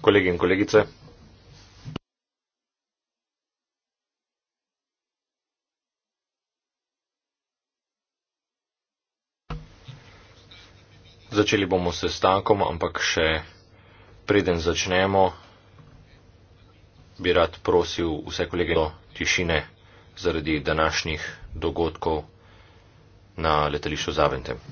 Kolegi in kolegice. Začeli bomo s stankom, ampak še preden začnemo, bi rad prosil vse kolege do tišine zaradi današnjih dogodkov na letališču Zaventem.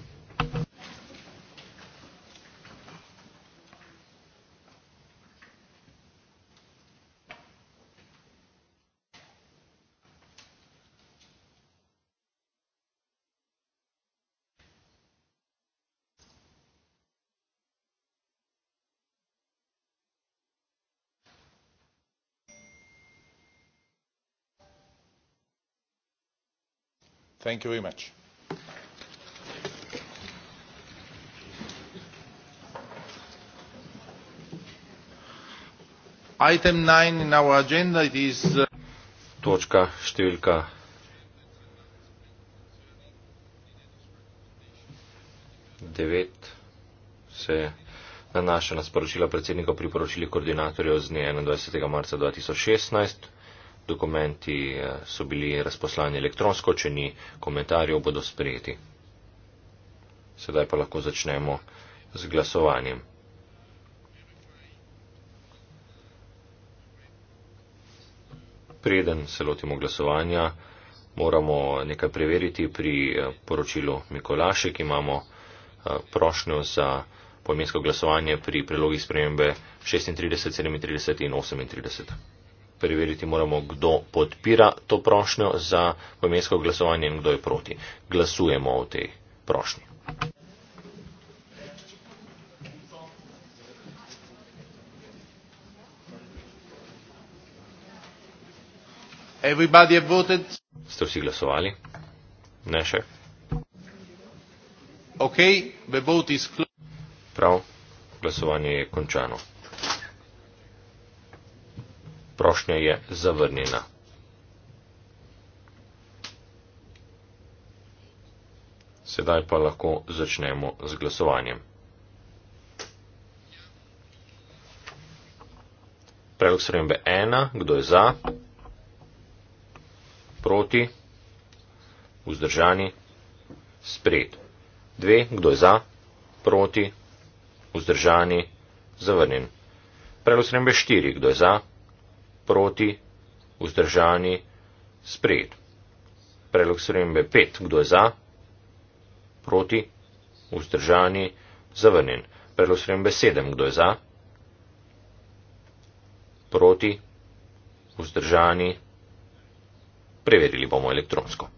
thank you very much. Item nine in our agenda it is uh, Točka številka. devet se nanaša na sporočila predsednika o priporočilih koordinatorjev z dne 21. marca 2016 dokumenti eh, so bili razposlani elektronsko, če ni komentarjev, bodo sprejeti. Sedaj pa lahko začnemo z glasovanjem. Preden se lotimo glasovanja, moramo nekaj preveriti pri eh, poročilu Mikolaše, ki imamo eh, prošnjo za pojmensko glasovanje pri prelogi spremembe 36, 37 in 38 preveriti moramo, kdo podpira to prošnjo za pomensko glasovanje in kdo je proti. Glasujemo o tej prošnji. Ste vsi glasovali? Ne še? Okay, Prav, glasovanje je končano prošnja je zavrnjena. Sedaj pa lahko začnemo z glasovanjem. Predlog spremembe 1. Kdo je za? Proti? Vzdržani? Spred. 2. Kdo je za? Proti? Vzdržani? Zavrnjen. Predlog spremembe 4. Kdo je za? Proti? proti, vzdržani, sprejet. Predlog sprejembe 5. Kdo je za? Proti, vzdržani, zavrnjen. Predlog sprejembe 7. Kdo je za? Proti, vzdržani, preverili bomo elektronsko.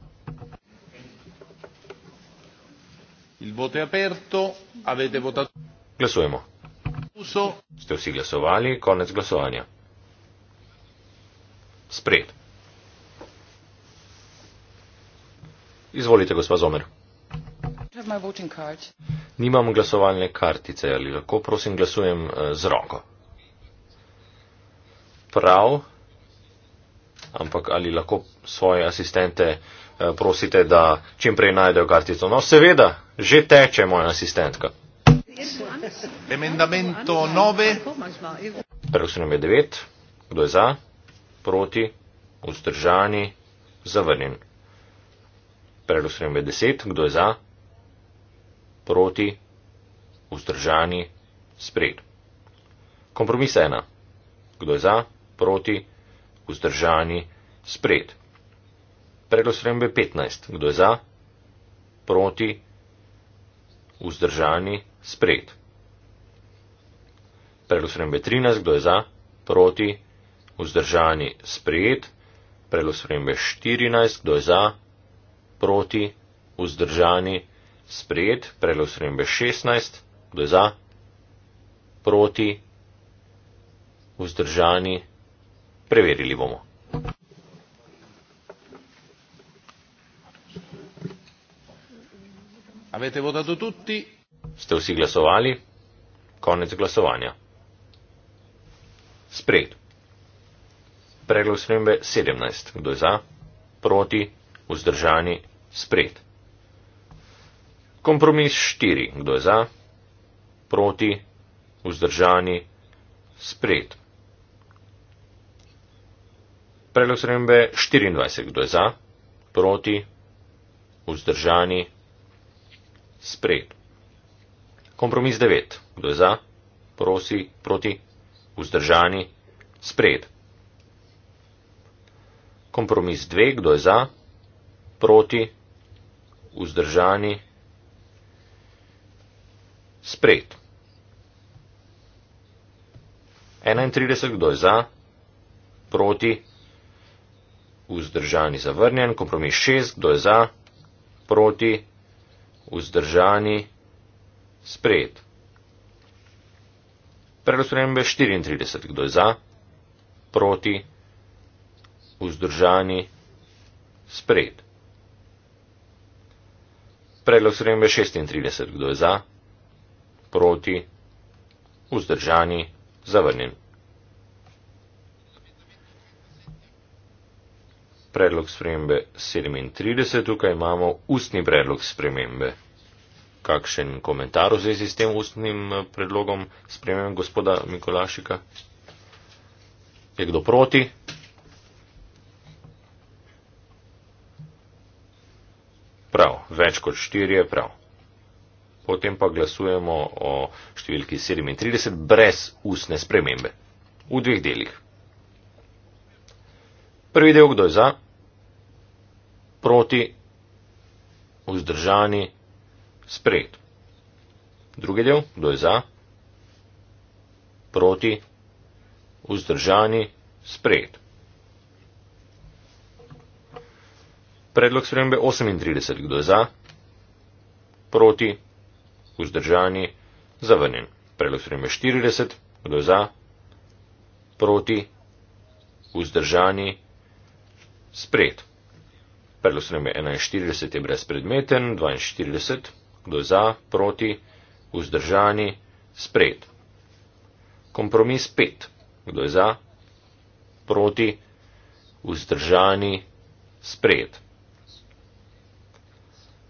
Glasujemo. Ste vsi glasovali? Konec glasovanja sprejet. Izvolite, gospod Zomer. Nimam glasovalne kartice, ali lahko prosim glasujem eh, z roko? Prav, ampak ali lahko svoje asistente eh, prosite, da čim prej najdejo kartico? No, seveda, že teče moja asistentka. Emendamento 9. Prvo se nam je 9. Kdo je za? proti, vzdržani, zavrnjen. Pred ustremem je deset, kdo je za, proti, vzdržani, spred. Kompromis ena. Kdo je za, proti, vzdržani, spred. Predlostrem je 15. Kdo je za, proti, vzdržani, spred. Predlostrem je 13. Kdo je za, proti, vzdržani, spred vzdržani sprejet, predlog spremembe 14, kdo je za, proti, vzdržani sprejet, predlog spremembe 16, kdo je za, proti, vzdržani, preverili bomo. Avete votato tutti? Ste vsi glasovali? Konec glasovanja. Sprejeto. Preglas spremembe 17. Kdo je za? Proti? Vzdržani? Spred? Kompromis 4. Kdo je za? Proti? Vzdržani? Spred? Preglas spremembe 24. Kdo je za? Proti? Vzdržani? Spred? Kompromis 9. Kdo je za? Prosi? Proti? Vzdržani? Spred? Kompromis dve, kdo je za, proti, vzdržani, sprejet. 31, kdo je za, proti, vzdržani, zavrnjen. Kompromis šest, kdo je za, proti, vzdržani, sprejet. Predlog spremembe 34. Kdo je za? Proti? vzdržani, spred. Predlog sprejme 36, kdo je za, proti, vzdržani, zavrnjen. Predlog spremembe 37, tukaj imamo ustni predlog spremembe. Kakšen komentar v zvezi s tem ustnim eh, predlogom spremembe gospoda Mikolašika? Je kdo proti? Prav, več kot štiri je prav. Potem pa glasujemo o številki 37 brez ustne spremembe. V dveh delih. Prvi del, kdo je za, proti, vzdržani, sprejet. Drugi del, kdo je za, proti, vzdržani, sprejet. Predlog spremembe 38. Kdo je za? Proti? Vzdržani? Zavrnjen. Predlog spremembe 40. Kdo je za? Proti? Vzdržani? Spred. Predlog spremembe 41 je brezpredmeten. 42. Kdo je za? Proti? Vzdržani? Spred. Kompromis 5. Kdo je za? Proti? Vzdržani? Spred.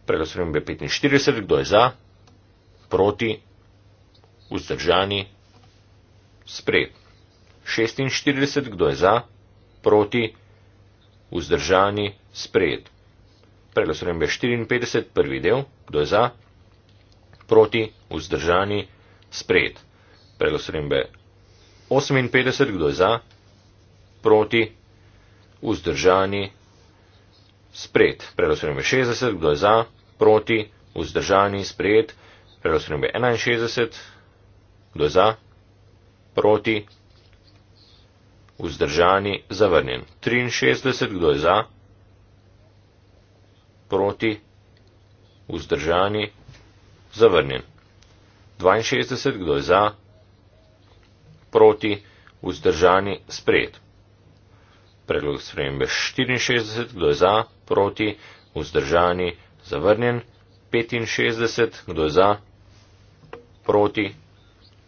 Preglasujem B45. Kdo je za? Proti? Vzdržani? Sprejet. 46. Kdo je za? Proti? Vzdržani? Sprejet. Preglasujem B54. Prvi del. Kdo je za? Proti? Vzdržani? Sprejet. Preglasujem B58. Kdo je za? Proti? Vzdržani? Sprejet sprejet, preglasujem 60, kdo je za, proti, vzdržani, sprejet, preglasujem 61, kdo je za, proti, vzdržani, zavrnjen. 63, kdo je za, proti, vzdržani, zavrnjen. 62, kdo je za, proti, vzdržani, sprejet. Predlog spremembe 64, kdo je za, proti, vzdržani, zavrnjen. 65, kdo je za, proti,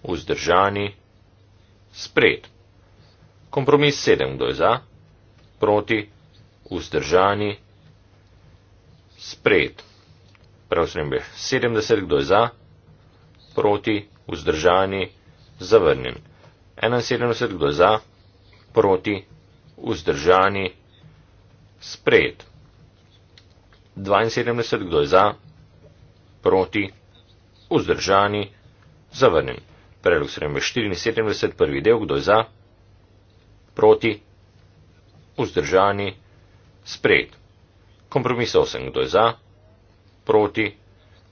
vzdržani, spred. Kompromis 7, kdo je za, proti, vzdržani, spred. Predlog spremembe 70, kdo je za, proti, vzdržani, zavrnjen. 71, kdo je za, proti, vzdržani vzdržani, sprejet. 72, kdo je za, proti, vzdržani, zavrnjen. Predlog 74, prvi del, kdo je za, proti, vzdržani, sprejet. Kompromis 8, kdo je za, proti,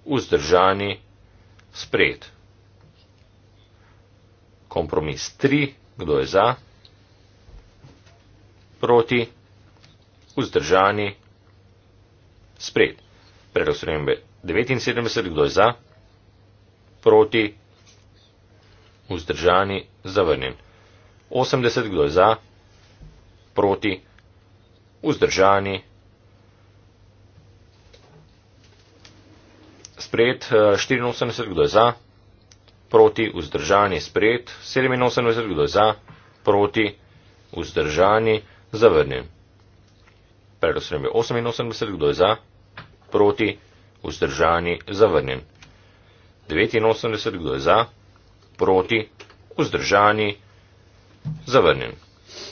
vzdržani, sprejet. Kompromis 3, kdo je za, proti, vzdržani, sprejet proti, vzdržani, spred. Predlog spremembe 79, kdo je za, proti, vzdržani, zavrnjen. 80, kdo je za, proti, vzdržani, spred. 84, kdo je za, proti, vzdržani, spred. 87, kdo je za, proti, vzdržani, spred zavrnjen. Predosrem je 88, kdo je za, proti, vzdržani, zavrnjen. 89, kdo je za, proti, vzdržani, zavrnjen.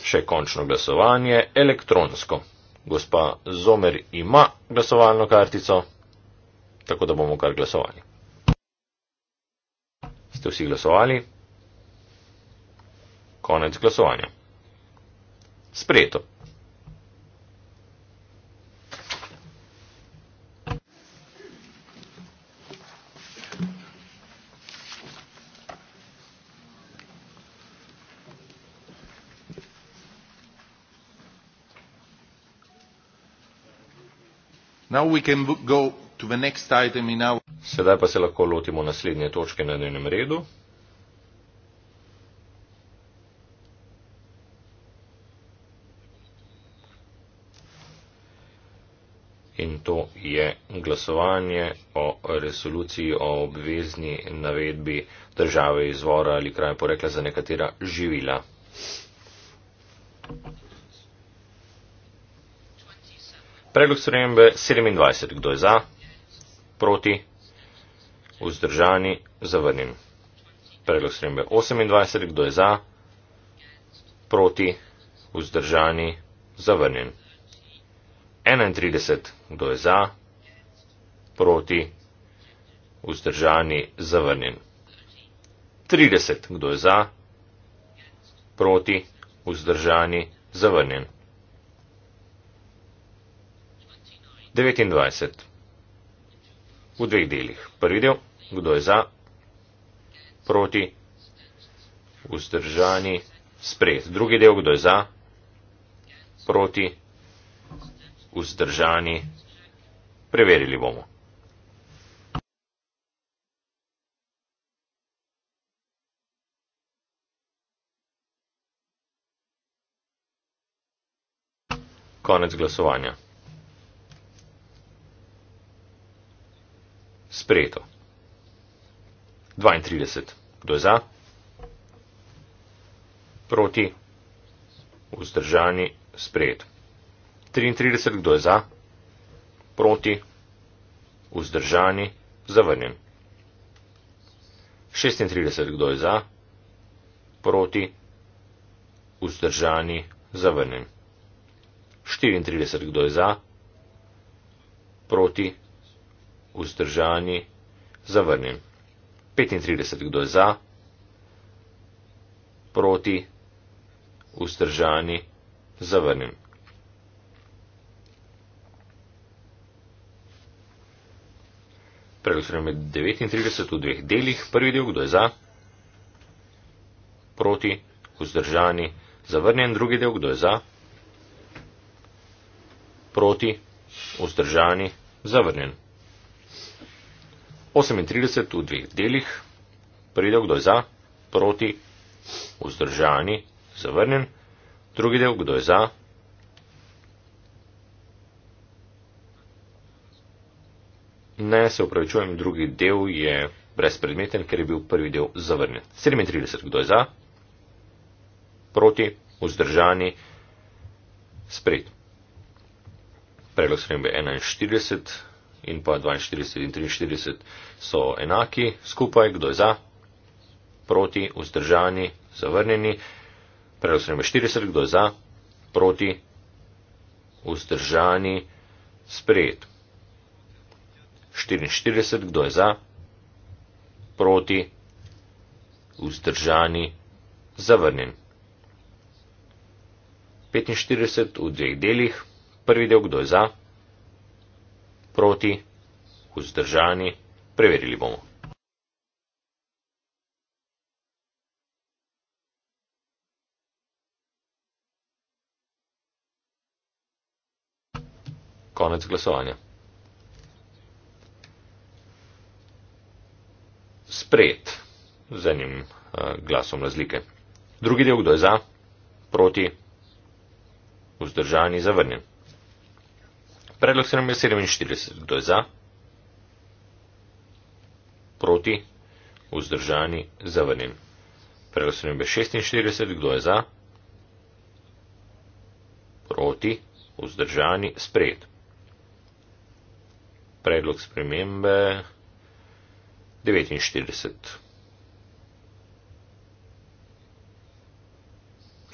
Še končno glasovanje elektronsko. Gospa Zomer ima glasovalno kartico, tako da bomo kar glasovali. Ste vsi glasovali? Konec glasovanja sprejeto. Sedaj pa se lahko lotimo naslednje točke na dnevnem redu. in to je glasovanje o resoluciji o obvezni navedbi države izvora ali kraja porekla za nekatera živila. Predlog sprejembe 27. Kdo je za? Proti? Vzdržani? Zavrnjen. Predlog sprejembe 28. Kdo je za? Proti? Vzdržani? Zavrnjen. 31, kdo je za, proti, vzdržani, zavrnjen. 30, kdo je za, proti, vzdržani, zavrnjen. 29. V dveh delih. Prvi del, kdo je za, proti, vzdržani, sprejet. Drugi del, kdo je za, proti, vzdržani vzdržani, preverili bomo. Konec glasovanja. Sprejeto. 32. Kdo je za? Proti? Vzdržani? Sprejeto. 33, kdo je za, proti, vzdržani, zavrnjen. 36, kdo je za, proti, vzdržani, zavrnjen. 34, kdo je za, proti, vzdržani, zavrnjen. 35, kdo je za, proti, vzdržani, zavrnjen. Preglasujemo med 39 v dveh delih. Prvi del, kdo je za, proti, vzdržani, zavrnjen. Drugi del, kdo je za, proti, vzdržani, zavrnjen. 38 v dveh delih. Prvi del, kdo je za, proti, vzdržani, zavrnjen. Drugi del, kdo je za, proti. Ne, se upravičujem, drugi del je brezpredmeten, ker je bil prvi del zavrnjen. 37, kdo je za? Proti, vzdržani, sprejet. Predlog spremembe 41 in pa 42 in 43 so enaki, skupaj, kdo je za? Proti, vzdržani, zavrnjeni. Predlog spremembe 40, kdo je za? Proti, vzdržani, sprejet. 44, kdo je za, proti, vzdržani, zavrnjen. 45 v dveh delih, prvi del, kdo je za, proti, vzdržani, preverili bomo. Konec glasovanja. sprejet z enim eh, glasom razlike. Drugi del, kdo je za, proti, vzdržani, zavrnjen. Predlog 747, kdo je za, proti, vzdržani, zavrnjen. Predlog 746, kdo je za, proti, vzdržani, sprejet. Predlog spremembe 49.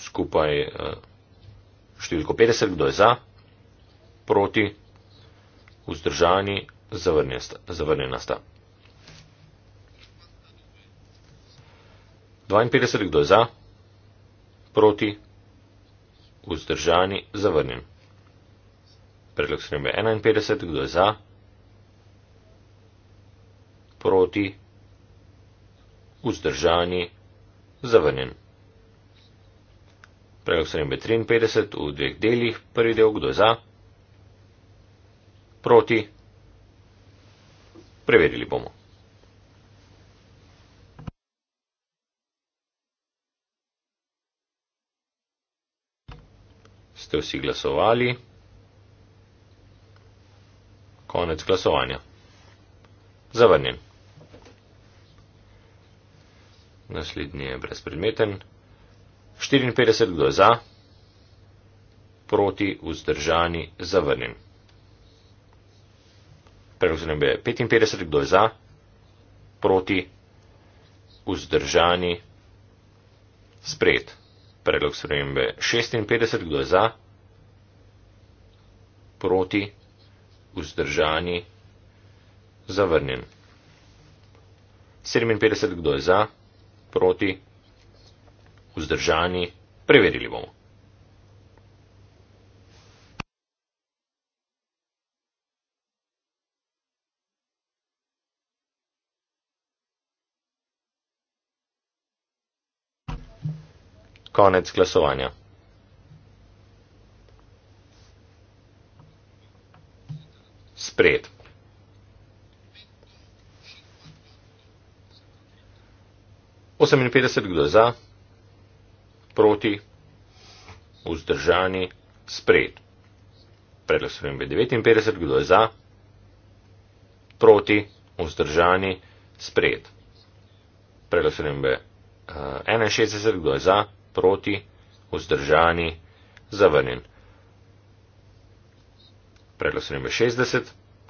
Skupaj eh, številko 50, kdo je za, proti, vzdržani, zavrnjena sta. 52, kdo je za, proti, vzdržani, zavrnjen. Predlog srembe 51, kdo je za, proti proti, vzdržani, zavrnjen. Predlog spremembe 53 v dveh delih, prvi del kdo je za, proti, preverili bomo. Ste vsi glasovali? Konec glasovanja. Zavrnjen naslednji je brezpredmeten. 54, kdo je za, proti, vzdržani, zavrnjen. Predlog zanimbe je 55, kdo je za, proti, vzdržani, sprejet. Predlog zanimbe je 56, kdo je za, proti, vzdržani, zavrnjen. 57, kdo je za, proti, vzdržani, zavrnjen proti, vzdržani, preverili bomo. Konec glasovanja. Sprejet. 58, kdo je za, proti, vzdržani, sprejet. Predlog spremembe 59, kdo je za, proti, vzdržani, sprejet. Predlog spremembe 61, eh, kdo je za, proti, vzdržani, zavrnjen. Predlog spremembe 60,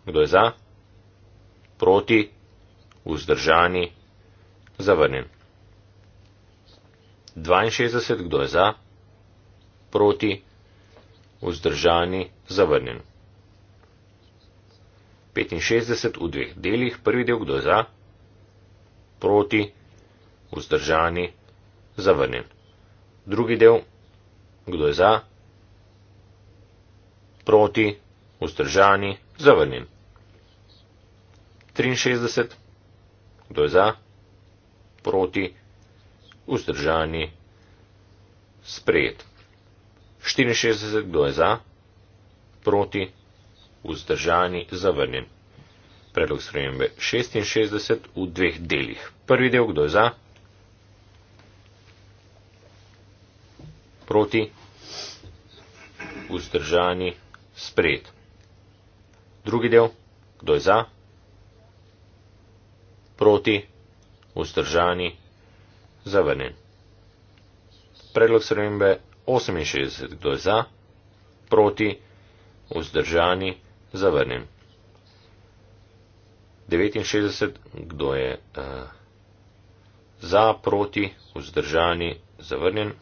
kdo je za, proti, vzdržani, zavrnjen. 62, kdo je za, proti, vzdržani, zavrnjen. 65 v dveh delih, prvi del, kdo je za, proti, vzdržani, zavrnjen. Drugi del, kdo je za, proti, vzdržani, zavrnjen. 63, kdo je za, proti, vzdržani, zavrnjen vzdržani, sprejet. 64, kdo je za, proti, vzdržani, zavrnjen. Predlog spremembe 66 v dveh delih. Prvi del, kdo je za, proti, vzdržani, sprejet. Drugi del, kdo je za, proti, vzdržani, sprejet zavrnjen. Predlog spremembe 68, kdo je za, proti, vzdržani, zavrnjen. 69, kdo je uh, za, proti, vzdržani, zavrnjen.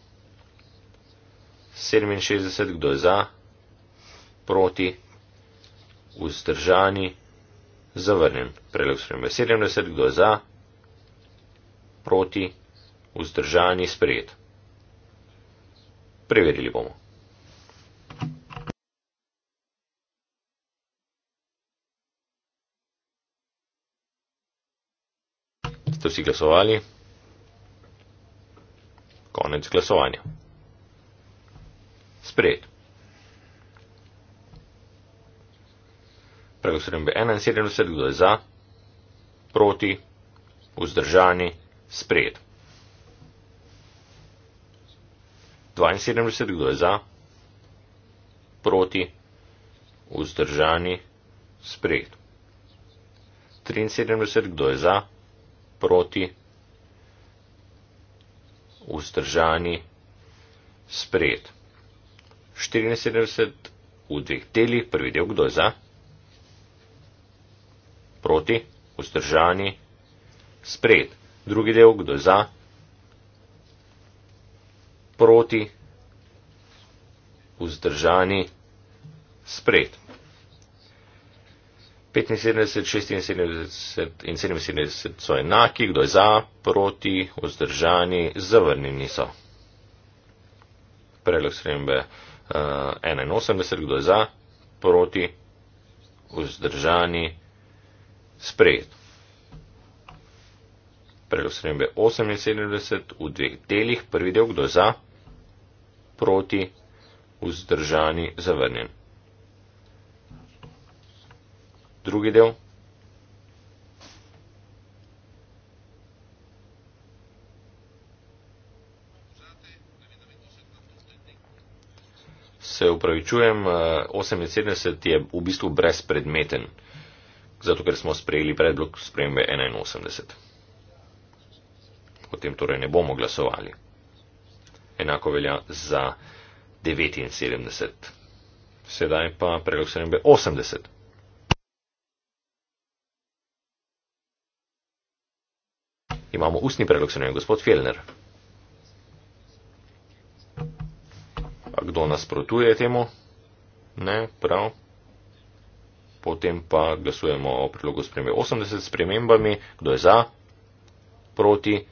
67, kdo je za, proti, vzdržani, zavrnjen. Predlog spremembe 70, kdo je za, proti, vzdržani sprejet. Preverili bomo. Ste vsi glasovali? Konec glasovanja. Sprejet. Prego srem bi 71, kdo je za, proti, vzdržani, sprejet. 72 kdo je za? Proti? Vzdržani? Sprejet. 73 kdo je za? Proti? Vzdržani? Sprejet. 74 v dveh delih, prvi del kdo je za? Proti? Vzdržani? Sprejet. Drugi del kdo je za? proti, vzdržani, spred. 75, 76 in 77 so enaki, kdo je za, proti, vzdržani, zavrnjeni so. Predlog srembe uh, 81, kdo je za, proti, vzdržani, spred. Predlog srembe 78 v dveh delih, prvi del, kdo je za, proti, vzdržani, zavrnjen. Drugi del. Se upravičujem, 78 eh, je v bistvu brezpredmeten, zato ker smo sprejeli predlog spremembe 81. O tem torej ne bomo glasovali enako velja za 79. Sedaj pa predlog spremembe 80. Imamo ustni predlog spremembe, gospod Fjellner. A kdo nasprotuje temu? Ne, prav. Potem pa glasujemo o predlogu spremembe 80 s premembami. Kdo je za? Proti?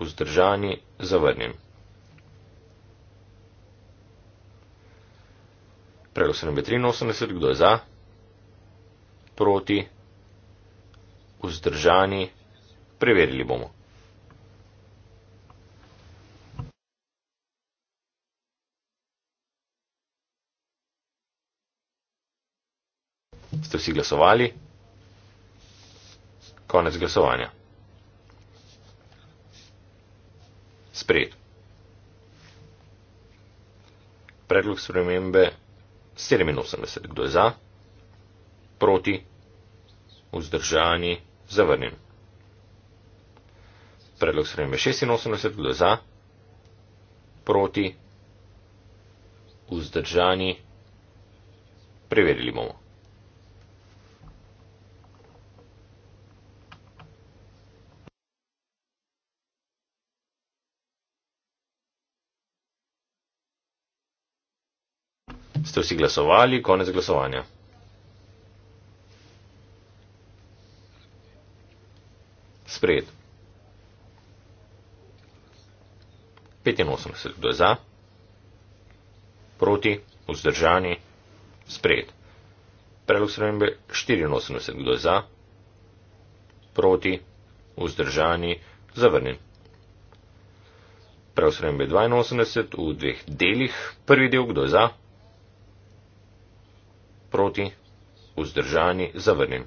Vzdržani? Zavrnjen. Preglasujem B83, kdo je za, proti, vzdržani, preverili bomo. Ste vsi glasovali? Konec glasovanja. Sprejet. Predlog spremembe 87. Kdo je za? Proti? Vzdržani? Zavrnjen. Predlog spremembe 86. Kdo je za? Proti? Vzdržani? Preverili bomo. ste vsi glasovali, konec glasovanja. Sprejet. 85 kdo je za, proti, vzdržani, sprejet. Predlog spremembe 84 kdo je za, proti, vzdržani, zavrnjen. Predlog spremembe 82 v dveh delih, prvi del kdo je za proti, vzdržani, zavrnjen.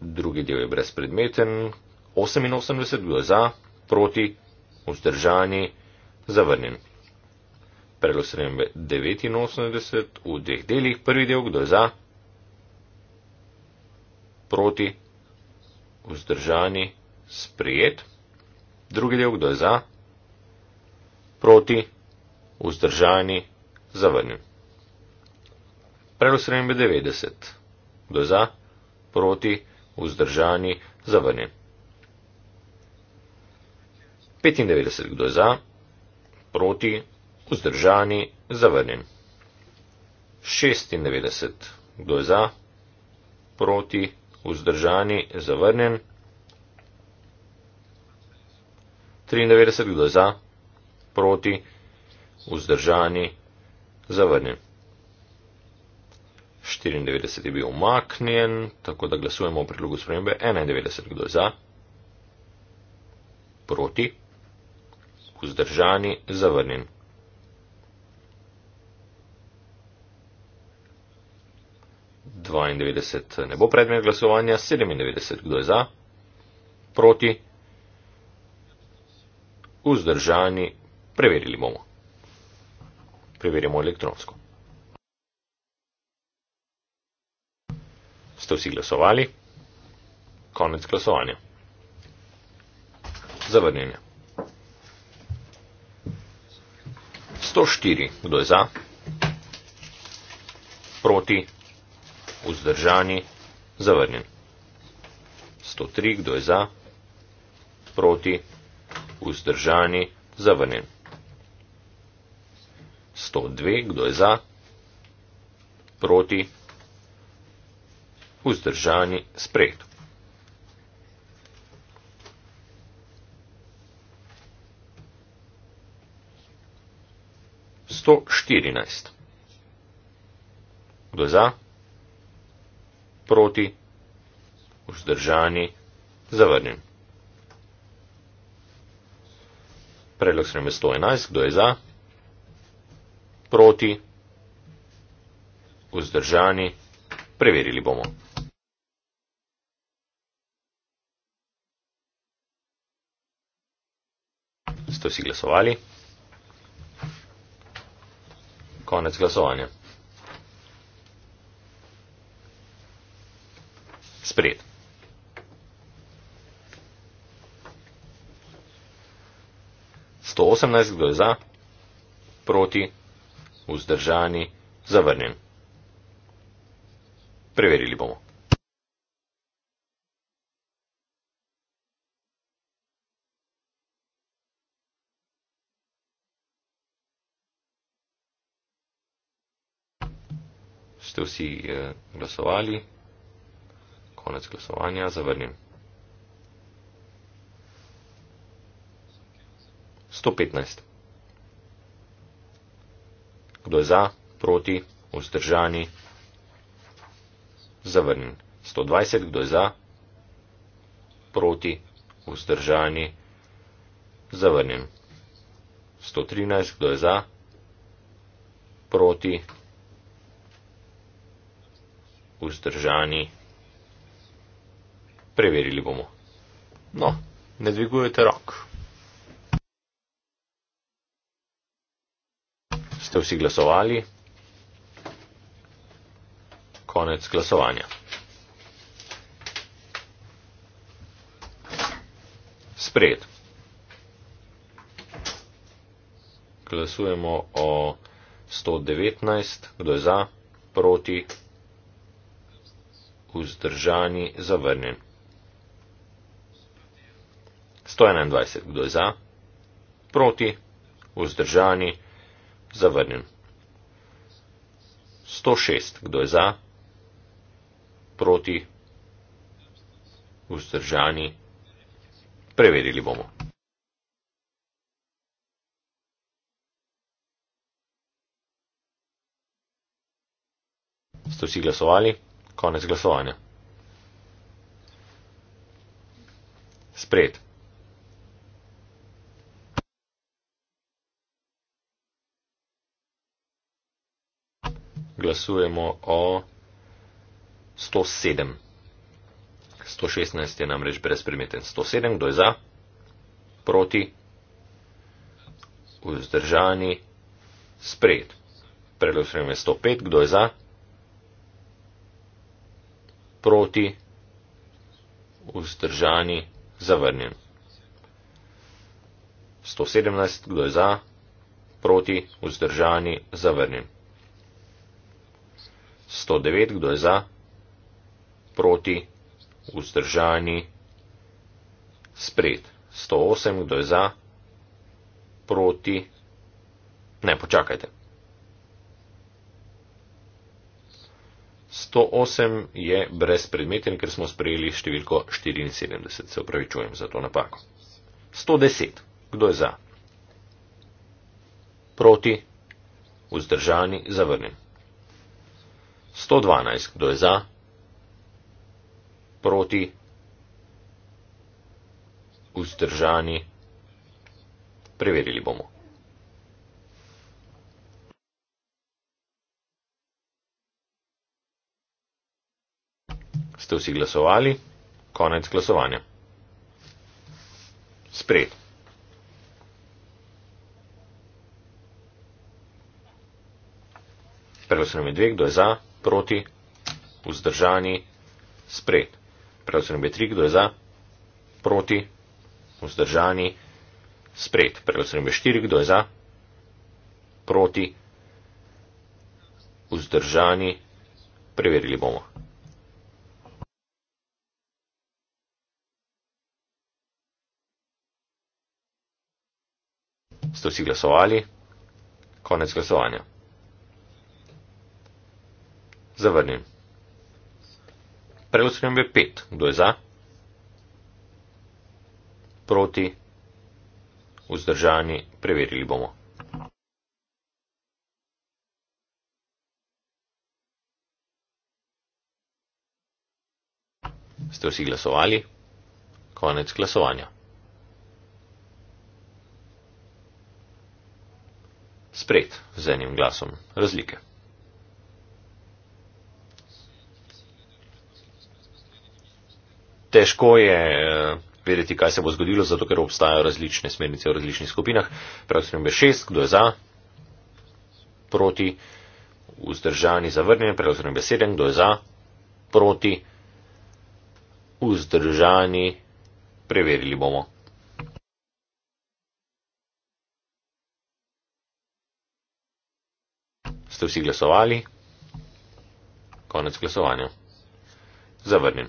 Drugi del je brezpredmeten, 88 bilo za, proti, vzdržani, zavrnjen. Predlog spremembe 89 v dveh delih, prvi del, kdo je za, proti, vzdržani, sprejet. Drugi del, kdo je za, proti, vzdržani, zavrnjen. Preloženje 90. Kdo je za, proti, vzdržani, zavrnjen. 95. Kdo je za, proti, vzdržani, zavrnjen. 96. Kdo je za, proti, vzdržani, zavrnjen. 93. Kdo je za, proti, vzdržani, zavrnjen. 94 je bil omaknjen, tako da glasujemo o predlogu spremembe 91, kdo je za, proti, vzdržani, zavrnjen. Eh, ne bo predmet glasovanja, 97 kdo je za, proti, vzdržani, preverili bomo. Preverimo elektronsko. Ste vsi glasovali? Konec glasovanja. Zavrnjenje. 104. Kdo je za? Proti? Vzdržani? Zavrnjen. 103. Kdo je za? Proti? Vzdržani? Zavrnjen. 102. Kdo je za? Proti? vzdržani, sprejet. Sto štirinajst. Kdo za? Proti? Vzdržani? Zavrnjen. Predlog sprejme sto enajst. Kdo je za? Proti? Vzdržani? Preverili bomo. ste vsi glasovali. Konec glasovanja. Spred. Sto osemnajst kdo je za, proti, vzdržani, zavrnjen. Preverili bomo. ste vsi eh, glasovali. Konec glasovanja, zavrnjem. 115. Kdo je za, proti, vzdržani? Zavrnjen. 120. Kdo je za, proti, vzdržani? Zavrnjen. 113. Kdo je za, proti, vzdržani? vzdržani. Preverili bomo. No, ne dvigujete rok. Ste vsi glasovali? Konec glasovanja. Spred. Glasujemo o 119, kdo je za, proti, vzdržani zavrnjen. 121. Kdo je za? Proti, vzdržani, zavrnjen. 106. Kdo je za? Proti, vzdržani, preverili bomo. Ste vsi glasovali? Konec glasovanja. Spred. Glasujemo o 107. 116 je namreč brezpremeten. 107, kdo je za? Proti? Vzdržani? Spred. Predlog sprememe 105, kdo je za? proti, vzdržani, zavrnjen. 117, kdo je za, proti, vzdržani, zavrnjen. 109, kdo je za, proti, vzdržani, spred. 108, kdo je za, proti, ne počakajte. 108 je brezpredmeten, ker smo sprejeli številko 74. Se upravičujem za to napako. 110. Kdo je za? Proti? Vzdržani? Zavrnjen. 112. Kdo je za? Proti? Vzdržani? Preverili bomo. ste vsi glasovali, konec glasovanja. Spred. Preglasujemo dve, kdo je za, proti, vzdržani, spred. Preglasujemo tri, kdo je za, proti, vzdržani, spred. Preglasujemo štiri, kdo je za, proti, vzdržani, preverili bomo. ste vsi glasovali, konec glasovanja. Zavrnjen. Preusmerjam je pet. Kdo je za? Proti? Vzdržani? Preverili bomo. Ste vsi glasovali? Konec glasovanja. spred z enim glasom razlike. Težko je eh, vedeti, kaj se bo zgodilo, zato ker obstajajo različne smernice v različnih skupinah. Prav smo imeli šest, kdo je za, proti, vzdržani, zavrnjeni, prav smo imeli sedem, kdo je za, proti, vzdržani, preverili bomo. ste vsi glasovali? Konec glasovanja. Zavrnjen.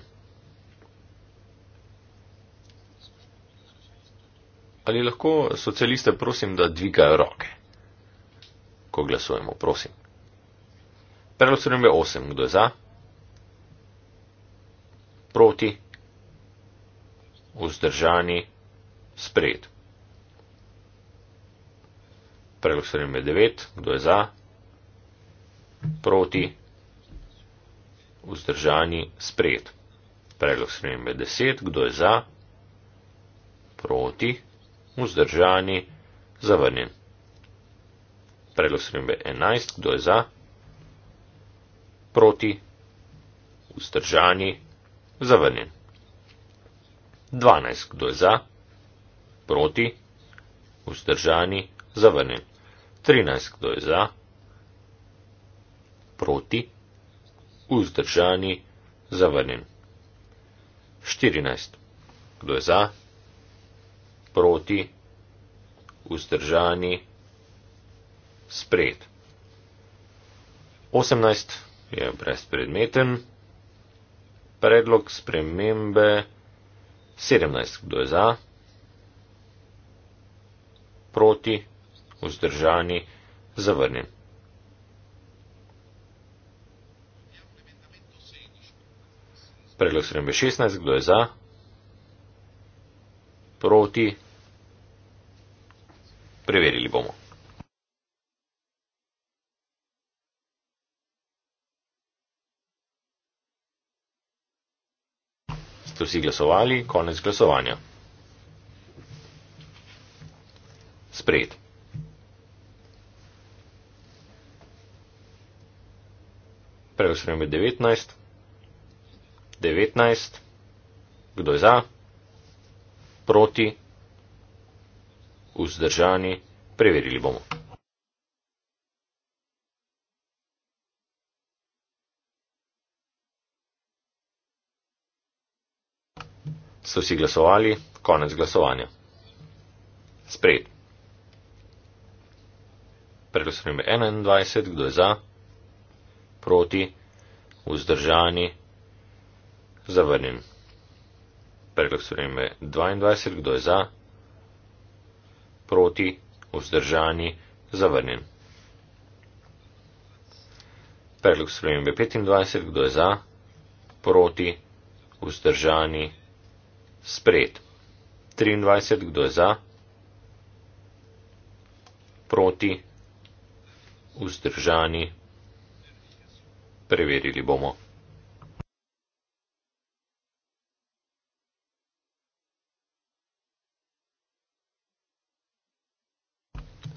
Ali lahko socialiste prosim, da dvigajo roke, ko glasujemo, prosim. Predlog spremembe 8. Kdo je za? Proti? Vzdržani? Sprejet. Predlog spremembe 9. Kdo je za? proti vzdržani spred. Predlog spremembe 10. Kdo je za? Proti vzdržani zavrnjen. Predlog spremembe 11. Kdo je za? Proti vzdržani zavrnjen. 12. Kdo je za? Proti vzdržani zavrnjen. 13. Kdo je za? proti, vzdržani, zavrnjen. 14. Kdo je za, proti, vzdržani, sprejet. 18. Je brezpredmeten. Predlog spremembe 17. Kdo je za, proti, vzdržani, zavrnjen. preglasujem 16, kdo je za? Proti? Preverili bomo. Ste vsi glasovali? Konec glasovanja. Sprejet. Preglasujem 19. 19. Kdo je za? Proti? Vzdržani? Preverili bomo. So vsi glasovali? Konec glasovanja. Sprejet. Preglasujem 21. Kdo je za? Proti? Vzdržani? Preverili bomo. Zavrnim. Predlog sprejme 22. Kdo je za? Proti? Vzdržani? Zavrnim. Predlog sprejme 25. Kdo je za? Proti? Vzdržani? Spred. 23. Kdo je za? Proti? Vzdržani? Preverili bomo.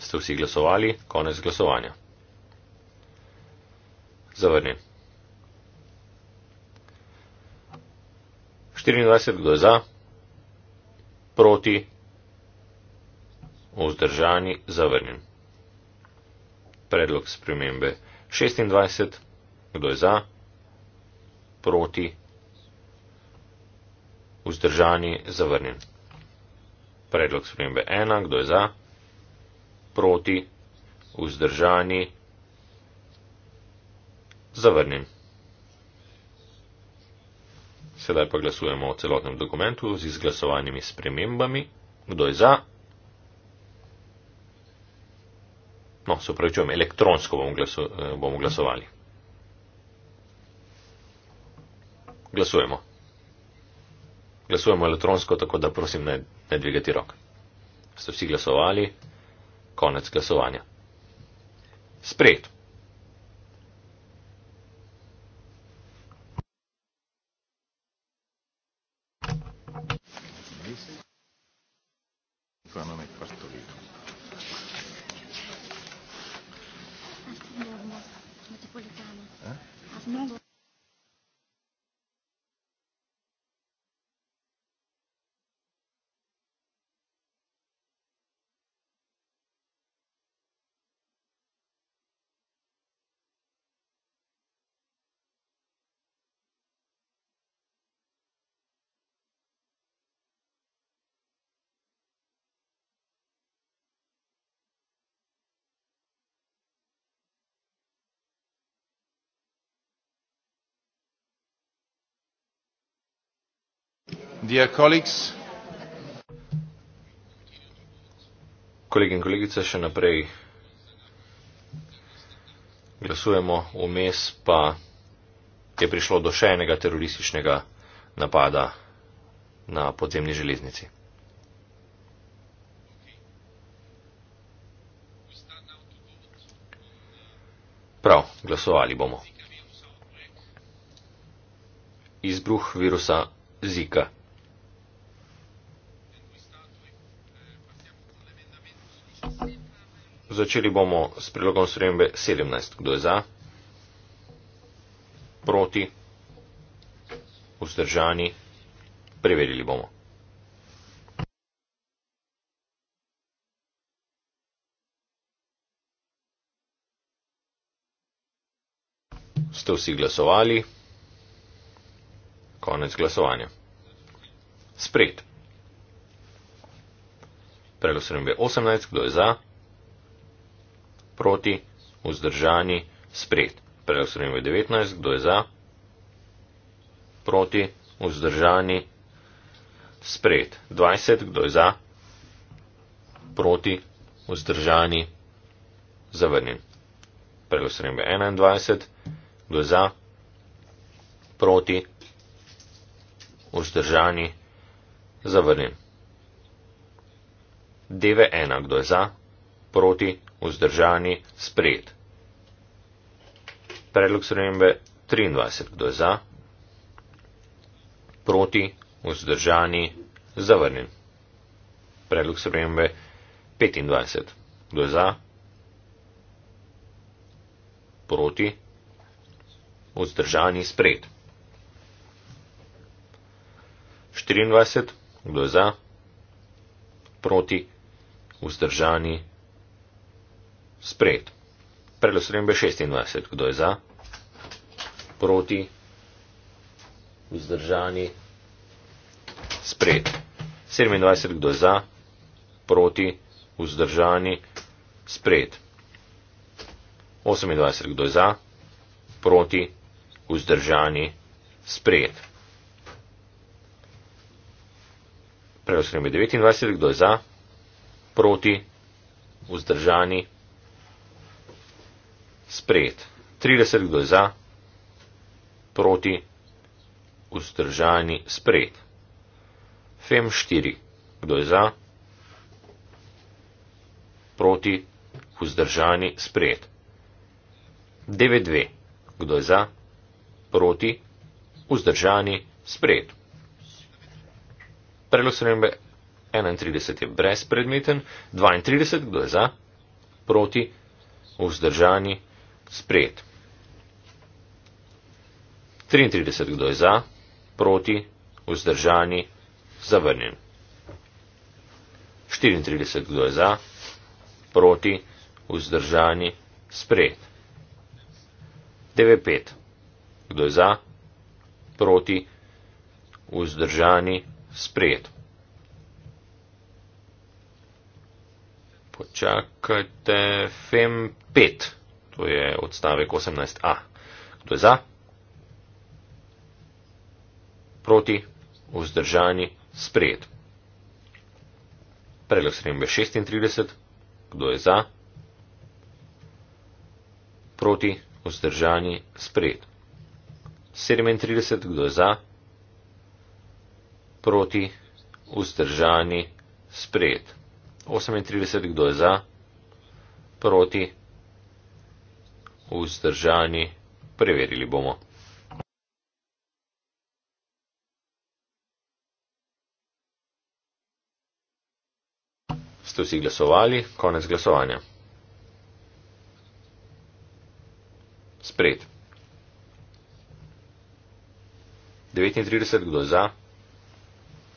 ste vsi glasovali, konec glasovanja. Zavrnjen. 24 kdo je za, proti, vzdržani, zavrnjen. Predlog spremembe 26, kdo je za, proti, vzdržani, zavrnjen. Predlog spremembe 1, kdo je za, proti, vzdržani, zavrnim. Sedaj pa glasujemo o celotnem dokumentu z izglasovanimi spremembami. Kdo je za? No, se upravičujem, elektronsko bomo, glaso, eh, bomo glasovali. Glasujemo. Glasujemo elektronsko, tako da prosim ne, ne dvigati rok. Ste vsi glasovali? Konec glasovanja. Sprejeto. Kolegi in kolegice, še naprej glasujemo, vmes pa je prišlo do še enega terorističnega napada na podzemni železnici. Prav, glasovali bomo. Izbruh virusa Zika. Začeli bomo s prilogom spremembe 17. Kdo je za? Proti? Vzdržani? Preverili bomo. Ste vsi glasovali? Konec glasovanja. Spred. Prelo srembe 18, kdo je za? proti, vzdržani, spred. Predlog sprememb je 19, kdo je za, proti, vzdržani, spred. 20, kdo je za, proti, vzdržani, zavrnjen. Predlog sprememb je 21, kdo je za, proti, vzdržani, zavrnjen. DV1, kdo je za, proti, vzdržani, sprejet. Predlog spremembe 23. Kdo je za? Proti, vzdržani, zavrnjen. Predlog spremembe 25. Kdo je za? Proti, vzdržani, sprejet. 24. Kdo je za? Proti, vzdržani, zavrnjen. Sprejet. Preglasujem B26. Kdo je za? Proti? Vzdržani? Sprejet. 27. Kdo je za? Proti? Vzdržani? Sprejet. 28. Kdo je za? Proti? Vzdržani? Sprejet. Preglasujem B29. Kdo je za? Proti? Vzdržani? Sprejet. Sprejet. 30 kdo je za, proti, vzdržani, sprejet. FEM 4. Kdo je za, proti, vzdržani, sprejet. 9.2. Kdo je za, proti, vzdržani, sprejet. Predlog sprejembe 31 je brezpredmeten. 32. Kdo je za, proti, vzdržani, sprejet. Sprejet. 33. Kdo je za? Proti? Vzdržani? Zavrnjen. 34. Kdo je za? Proti? Vzdržani? Sprejet. 95. Kdo je za? Proti? Vzdržani? Sprejet. Počakajte, fem pet. To je odstavek 18a. Kdo je za? Proti? Vzdržani? Sprejet. Predlog srembe 36. Kdo je za? Proti? Vzdržani? Sprejet. 37. Kdo je za? Proti? Vzdržani? Sprejet. 38. Kdo je za? Proti? Vzdržani? Sprejet vzdržani, preverili bomo. Ste vsi glasovali? Konec glasovanja. Spred. 39, kdo za?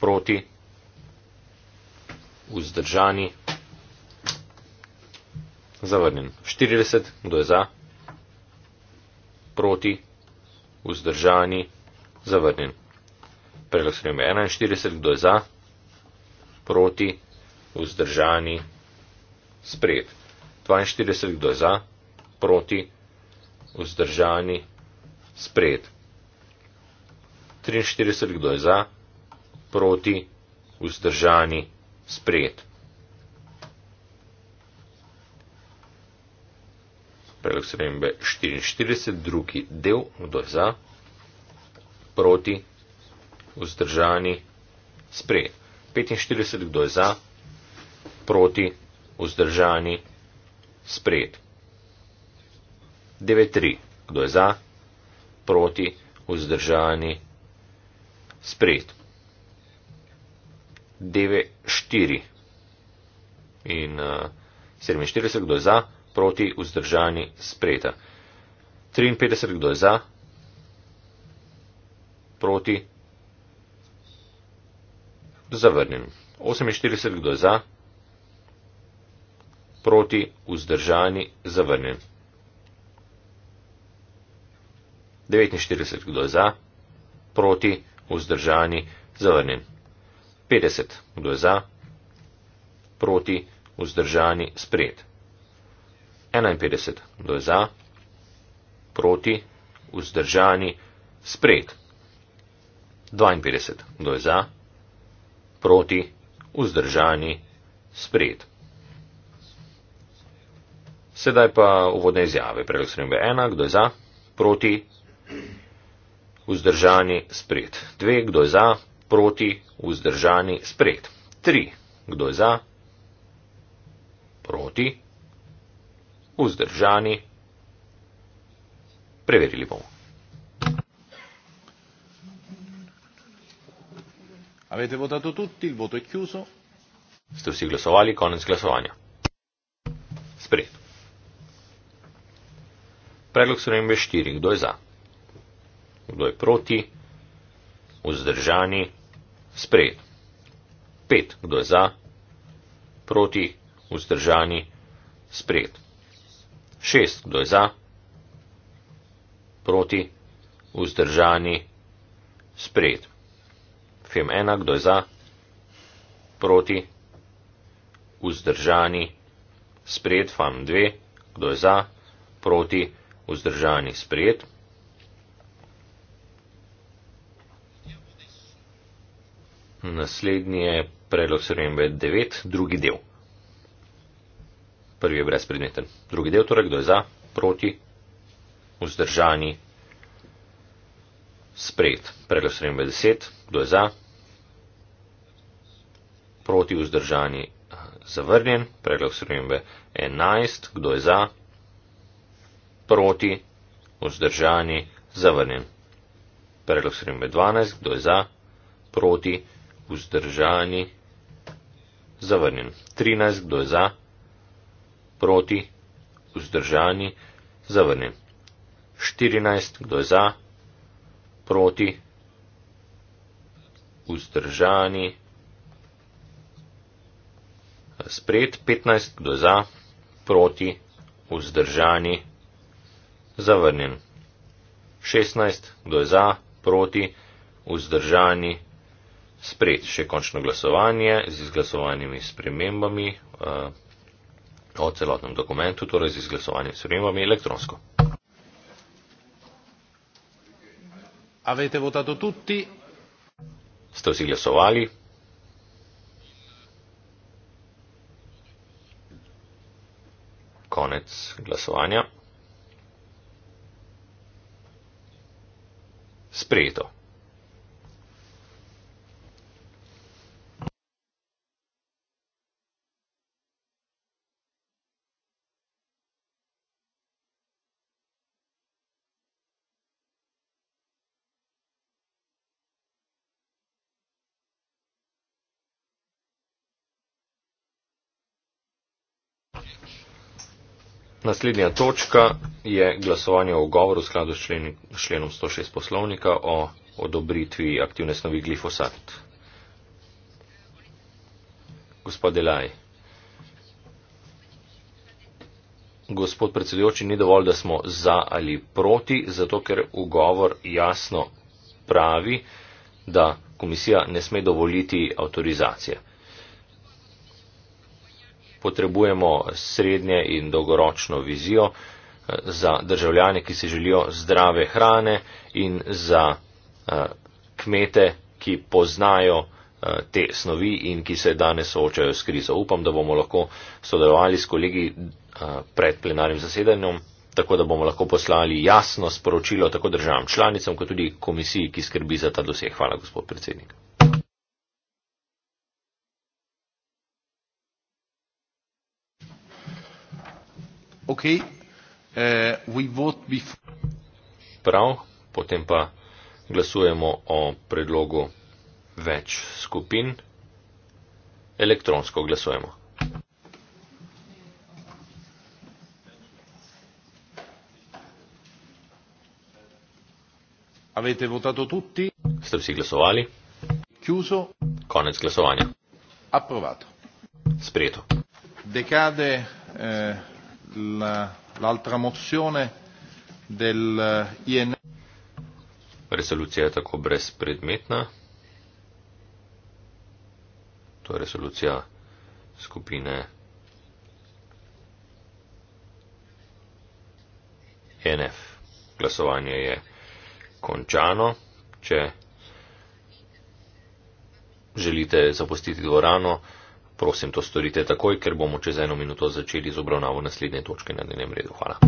Proti? Vzdržani? Zavrnjen. 40, kdo je za? proti, vzdržani, zavrnjen. Predlog sprejme 41, kdo je za, proti, vzdržani, sprejet. 42, kdo je za, proti, vzdržani, sprejet. 43, kdo je za, proti, vzdržani, sprejet. predlog spremembe 44, drugi del, kdo je za, proti, vzdržani, sprejet. 45, kdo je za, proti, vzdržani, sprejet. 9.3, kdo je za, proti, vzdržani, sprejet. 9.4 in uh, eh, 47, kdo je za, proti vzdržani spreta. 53, kdo je za? Proti? Zavrnjen. 48, kdo je za? Proti vzdržani zavrnjen. 49, kdo je za? Proti vzdržani zavrnjen. 50, kdo je za? Proti vzdržani spred. 51. Kdo je za, proti, vzdržani, sprejet. 52. Kdo je za, proti, vzdržani, sprejet. Sedaj pa uvodne izjave. Predlog sprejembe 1. Kdo je za, proti, vzdržani, sprejet. 2. Kdo je za, proti, vzdržani, sprejet. 3. Kdo je za, proti, vzdržani, sprejet vzdržani. Preverili bomo. Avete votato tutti, il voto è chiuso. Ste vsi glasovali, konec glasovanja. Sprejet. Predlog spremembe 4. Kdo je za? Kdo je proti? Vzdržani. Sprejet. 5. Kdo je za? Proti. Vzdržani. Sprejet. Šest, kdo je za? Proti, vzdržani, sprejet. Fem ena, kdo je za? Proti, vzdržani, sprejet. Fem dve, kdo je za? Proti, vzdržani, sprejet. Naslednji je predlog srembe 9, drugi del prvi je brezpredmeten. Drugi del torej, kdo je za, proti, vzdržani, sprejet. Predlog sprejem je 10, kdo je za, proti, vzdržani, zavrnjen. Predlog sprejem je 11, kdo je za, proti, vzdržani, zavrnjen. Predlog sprejem je 12, kdo je za, proti, vzdržani, zavrnjen. 13, kdo je za, proti, vzdržani, zavrnjen proti, vzdržani, zavrnjen. 14, kdo je za, proti, vzdržani, spred, 15, kdo je za, proti, vzdržani, zavrnjen. 16, kdo je za, proti, vzdržani, spred. Še končno glasovanje z izglasovanimi spremembami. Uh, o celotnem dokumentu, torej z izglasovanjem spremembami elektronsko. Avete votato tutti? Ste vsi glasovali? Konec glasovanja. Sprejeto. Naslednja točka je glasovanje o govoru v skladu s člen, členom 106 poslovnika o odobritvi aktivne snovi glifosat. Gospod Delaj. Gospod predsedujoči, ni dovolj, da smo za ali proti, zato ker ugovor jasno pravi, da komisija ne sme dovoliti avtorizacije potrebujemo srednje in dolgoročno vizijo eh, za državljane, ki se želijo zdrave hrane in za eh, kmete, ki poznajo eh, te snovi in ki se danes soočajo s krizo. Upam, da bomo lahko sodelovali s kolegi pred plenarnim zasedanjem, tako da bomo lahko poslali jasno sporočilo tako državam članicam, kot tudi komisiji, ki skrbi za ta doseg. Hvala, gospod predsednik. Eh, Prav, potem pa glasujemo o predlogu več skupin. Elektronsko glasujemo. Avete votato tutti? Ste vsi glasovali? Chiuso. Konec glasovanja. Approvato. Sprejeto. Decade. Eh l'altra mozione del eh, IN. Resolucija je tako brezpredmetna. To je resolucija skupine NF. Glasovanje je končano. Če želite zapustiti dvorano, Prosim, to storite takoj, ker bomo čez eno minuto začeli z obravnavo naslednje točke na dnevnem redu. Hvala.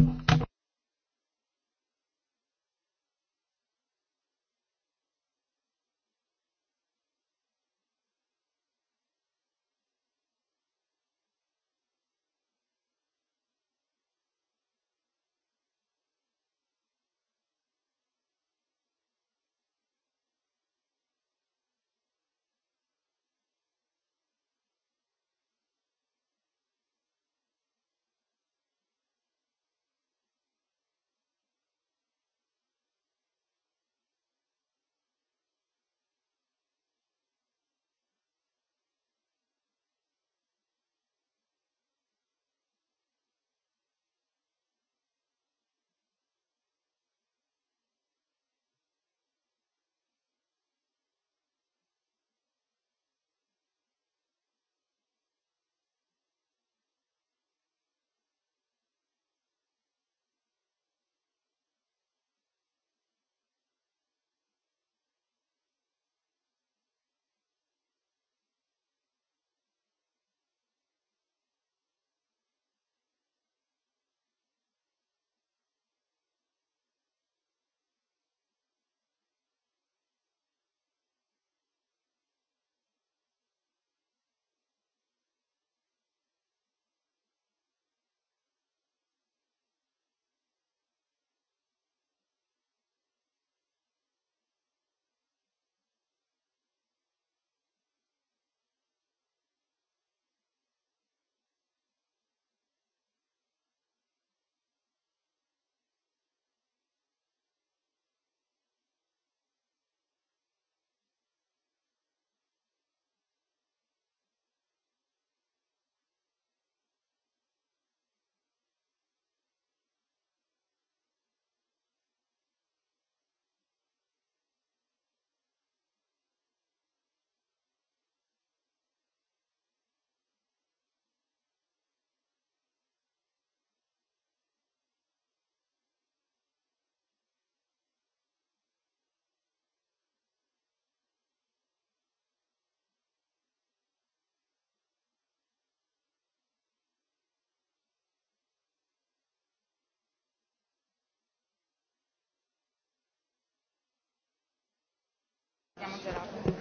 siamo gelati.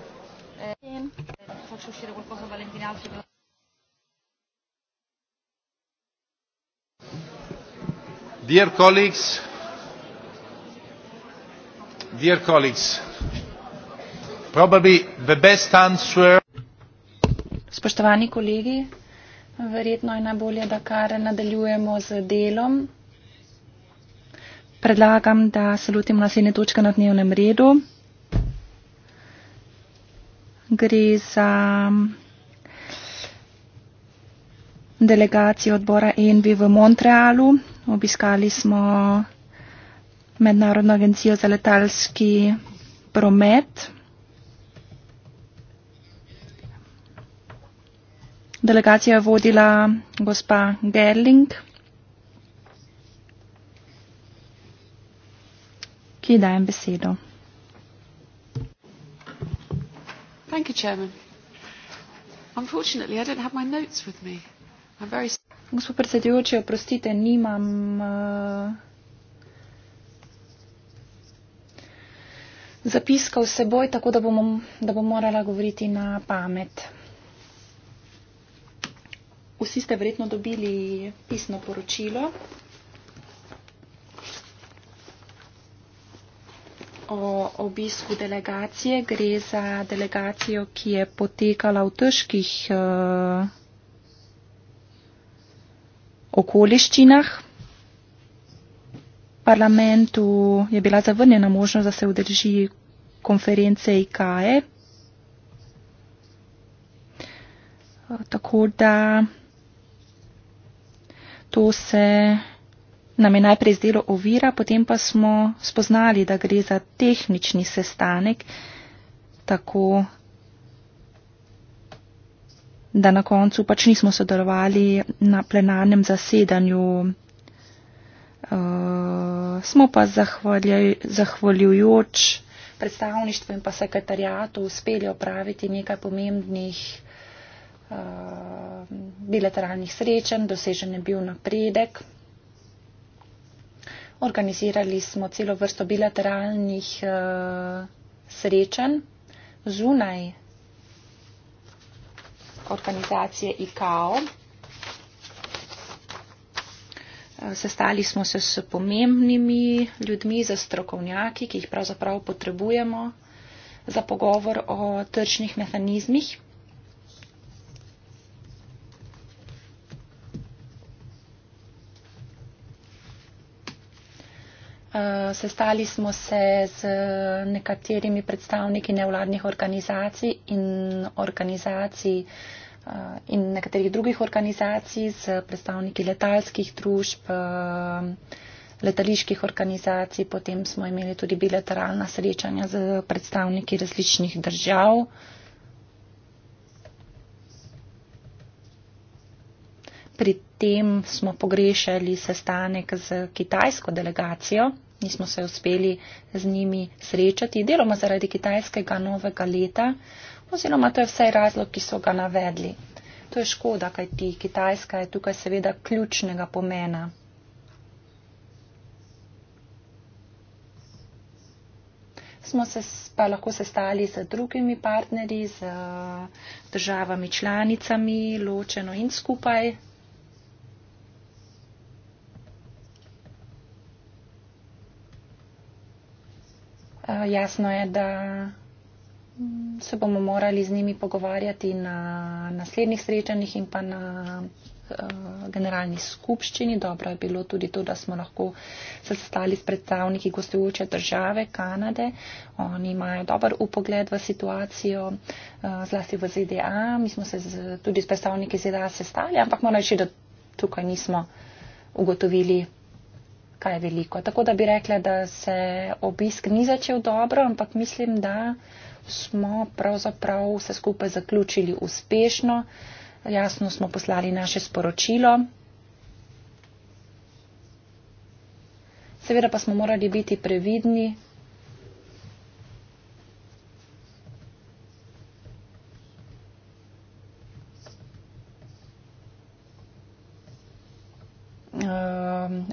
Eh, faccio uscire qualcosa Valentina altro per... Dear colleagues, dear colleagues, probably the best answer. Spoštovani kolegi, verjetno je najbolje, da kar nadaljujemo z delom. Predlagam, da se lotimo naslednje točke na dnevnem redu gre za delegacijo odbora ENVI v Montrealu. Obiskali smo Mednarodno agencijo za letalski promet. Delegacijo je vodila gospa Gerling, ki dajem besedo. Thank you, Chairman. Unfortunately, I don't have my notes with me. I'm very Gospod predsedujoči, oprostite, nimam. Eh, zapiska v seboj, tako da bom, da bom morala govoriti na pamet. Vsi ste verjetno dobili pisno poročilo. o obisku delegacije. Gre za delegacijo, ki je potekala v težkih eh, okoliščinah. Parlamentu je bila zavrnjena možnost, da se udrži konference IKE. Eh, tako da to se nam je najprej zdelo ovira, potem pa smo spoznali, da gre za tehnični sestanek, tako da na koncu pač nismo sodelovali na plenarnem zasedanju. Uh, smo pa zahvaljujoč predstavništvu in pa sekretarijatu uspeli opraviti nekaj pomembnih uh, bilateralnih srečanj, dosežen je bil napredek organizirali smo celo vrsto bilateralnih uh, srečanj zunaj organizacije ICAO. Eh, sestali smo se s pomembnimi ljudmi, z strokovnjaki, ki jih pravzaprav potrebujemo za pogovor o tržnih mehanizmih. Eh, sestali smo se z nekaterimi predstavniki nevladnih organizacij in organizacij eh, in nekaterih drugih organizacij z predstavniki letalskih družb, eh, letaliških organizacij, potem smo imeli tudi bilateralna srečanja z predstavniki različnih držav. Pri potem smo pogrešali sestanek z kitajsko delegacijo. Nismo se uspeli z njimi srečati, deloma zaradi kitajskega novega leta, oziroma to je vse razlog, ki so ga navedli. To je škoda, kajti Kitajska je tukaj seveda ključnega pomena. Smo se pa lahko sestali z drugimi partnerji, z državami članicami, ločeno in skupaj, Eh, jasno je, da se bomo morali z njimi pogovarjati na naslednjih srečanjih in pa na eh, generalni skupščini. Dobro je bilo tudi to, da smo lahko se stali s predstavniki gostujoče države Kanade. Oni imajo dober upogled v situacijo, eh, zlasti v ZDA. Mi smo se z, tudi s predstavniki ZDA sestali, ampak moram reči, da tukaj nismo ugotovili kaj veliko. Tako da bi rekla, da se obisk ni začel dobro, ampak mislim, da smo pravzaprav vse skupaj zaključili uspešno. Jasno smo poslali naše sporočilo. Seveda pa smo morali biti previdni,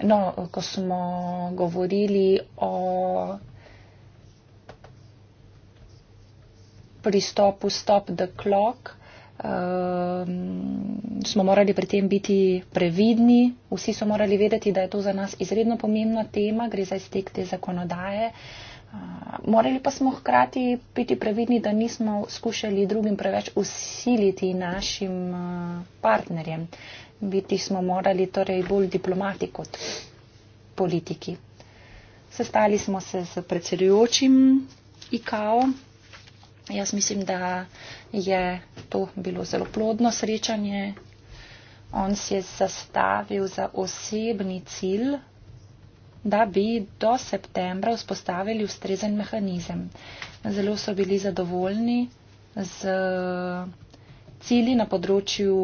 no, ko smo govorili o pristopu stop the clock, um, smo morali pri tem biti previdni. Vsi so morali vedeti, da je to za nas izredno pomembna tema, gre za iztek te zakonodaje. Uh, morali pa smo hkrati biti previdni, da nismo skušali drugim preveč usiliti našim uh, partnerjem biti smo morali torej bolj diplomati kot politiki. Sestali smo se s predsedujočim IKO. Jaz mislim, da je to bilo zelo plodno srečanje. On si je zastavil za osebni cilj, da bi do septembra vzpostavili ustrezen mehanizem. Zelo so bili zadovoljni z cilji na področju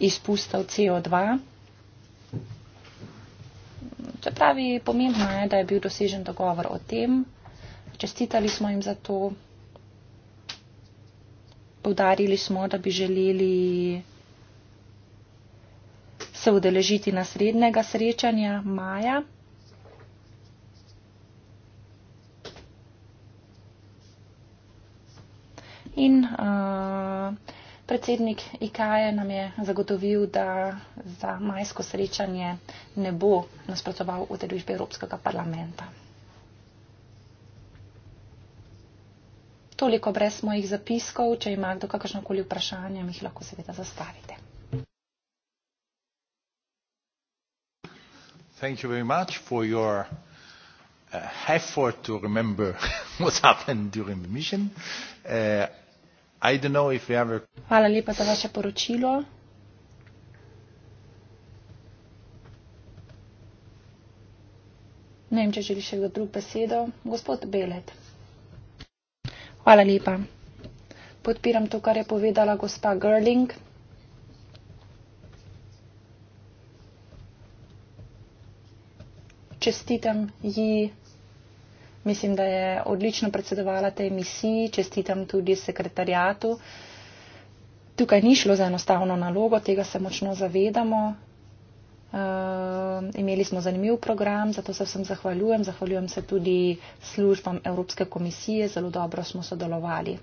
izpustov CO2. Se pravi, pomembno je, da je bil dosežen dogovor o tem. Čestitali smo jim za to. Povdarili smo, da bi želeli se udeležiti naslednjega srečanja maja. In uh, Predsednik IKE nam je zagotovil, da za majsko srečanje ne bo nasprotoval v delužbi Evropskega parlamenta. Toliko brez mojih zapiskov, če ima kdo kakršnokoli vprašanje, mi jih lahko seveda zastavite. Thank you very much for your uh, effort to remember what happened during the mission. Uh, Hvala lepa za vaše poročilo. Ne vem, če želi še kdo drug besedo. Gospod Belet. Hvala lepa. Podpiram to, kar je povedala gospa Gerling. Čestitam ji. Mislim, da je odlično predsedovala tej misiji, čestitam tudi sekretarjatu. Tukaj ni šlo za enostavno nalogo, tega se močno zavedamo. Uh, imeli smo zanimiv program, zato se vsem zahvaljujem. Zahvaljujem se tudi službam Evropske komisije, zelo dobro smo sodelovali.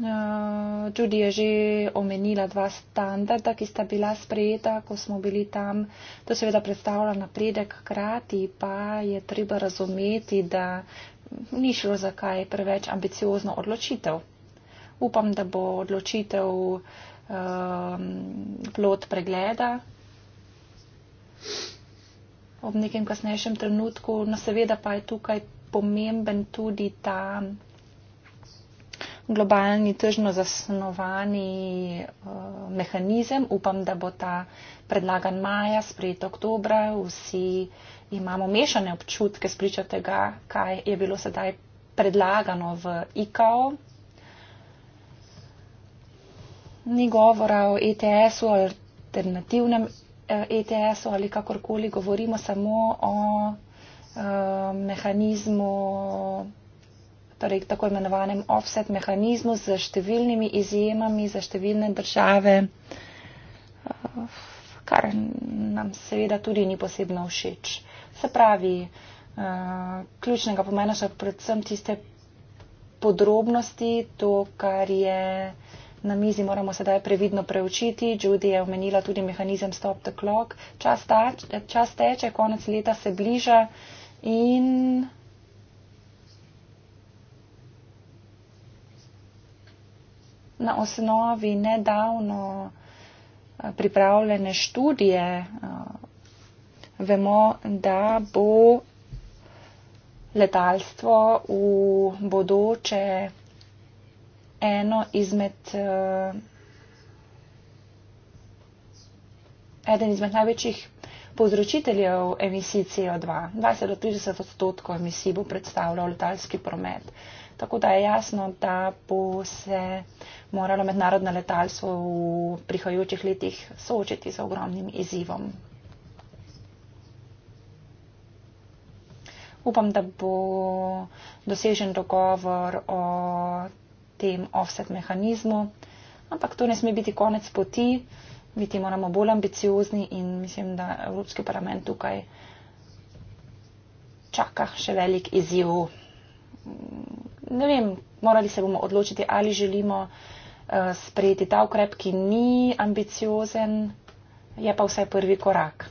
Eh, Judy je že omenila dva standarda, ki sta bila sprejeta, ko smo bili tam. To seveda predstavlja napredek, hkrati pa je treba razumeti, da ni šlo za kaj preveč ambiciozno odločitev. Upam, da bo odločitev um, ehm, plot pregleda ob nekem kasnejšem trenutku. No, seveda pa je tukaj pomemben tudi ta globalni tržno zasnovani eh, mehanizem. Upam, da bo ta predlagan maja, sprejet oktobra. Vsi imamo mešane občutke spričo tega, kaj je bilo sedaj predlagano v IKO. Ni govora o ETS-u, alternativnem ETS-u eh, e ali kakorkoli, govorimo samo o eh, mehanizmu torej tako imenovanem offset mehanizmu z številnimi izjemami za številne države, eh, kar nam seveda tudi ni posebno všeč. Se pravi, eh, ključnega pomena so predvsem tiste podrobnosti, to, kar je na mizi, moramo sedaj previdno preučiti. Judy je omenila tudi mehanizem Stop the Clock. Čas, ta, čas teče, konec leta se bliža in. na osnovi nedavno eh, pripravljene študije eh, vemo, da bo letalstvo v bodoče eno izmed, eh, eden izmed največjih povzročiteljev emisij CO2. 20 do 30 odstotkov emisij bo predstavljal letalski promet. Uh, Tako da je jasno, da bo se moralo mednarodno letalstvo v prihajajočih letih soočiti z ogromnim izzivom. Upam, da bo dosežen dogovor o tem offset mehanizmu, ampak to ne sme biti konec poti. Biti moramo bolj ambiciozni in mislim, da Evropski parlament tukaj čaka še velik izziv ne vem, morali se bomo odločiti, ali želimo uh, sprejeti ta ukrep, ki ni ambiciozen, je pa vsaj prvi korak.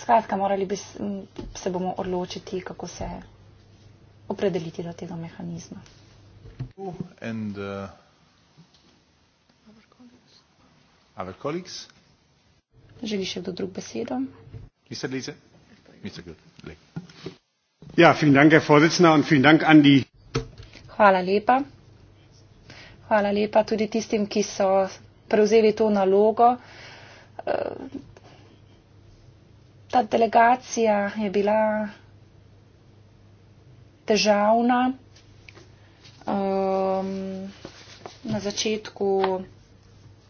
Skratka, morali bi se bomo odločiti, kako se je opredeliti do tega mehanizma. And, uh, our colleagues. Our colleagues. Želi še kdo drug besedo? Ja, vielen Dank, Herr Vorsitzender, und vielen Dank an die. Hvala lepa. Hvala lepa tudi tistim, ki so prevzeli to nalogo. Eh, ta delegacija je bila težavna. Um, na začetku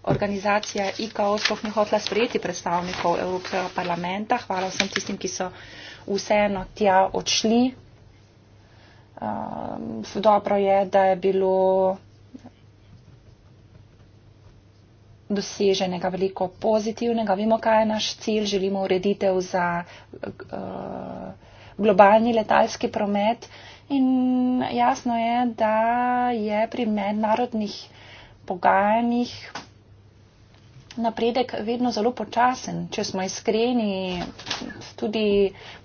organizacija IKO sploh ni hotla sprejeti predstavnikov Evropskega parlamenta. Hvala vsem tistim, ki so vseeno tja odšli. Um, dobro je, da je bilo doseženega veliko pozitivnega. Vemo, kaj je naš cilj. Želimo ureditev za. Uh, globalni letalski promet in jasno je, da je pri mednarodnih pogajanjih napredek vedno zelo počasen. Če smo iskreni, tudi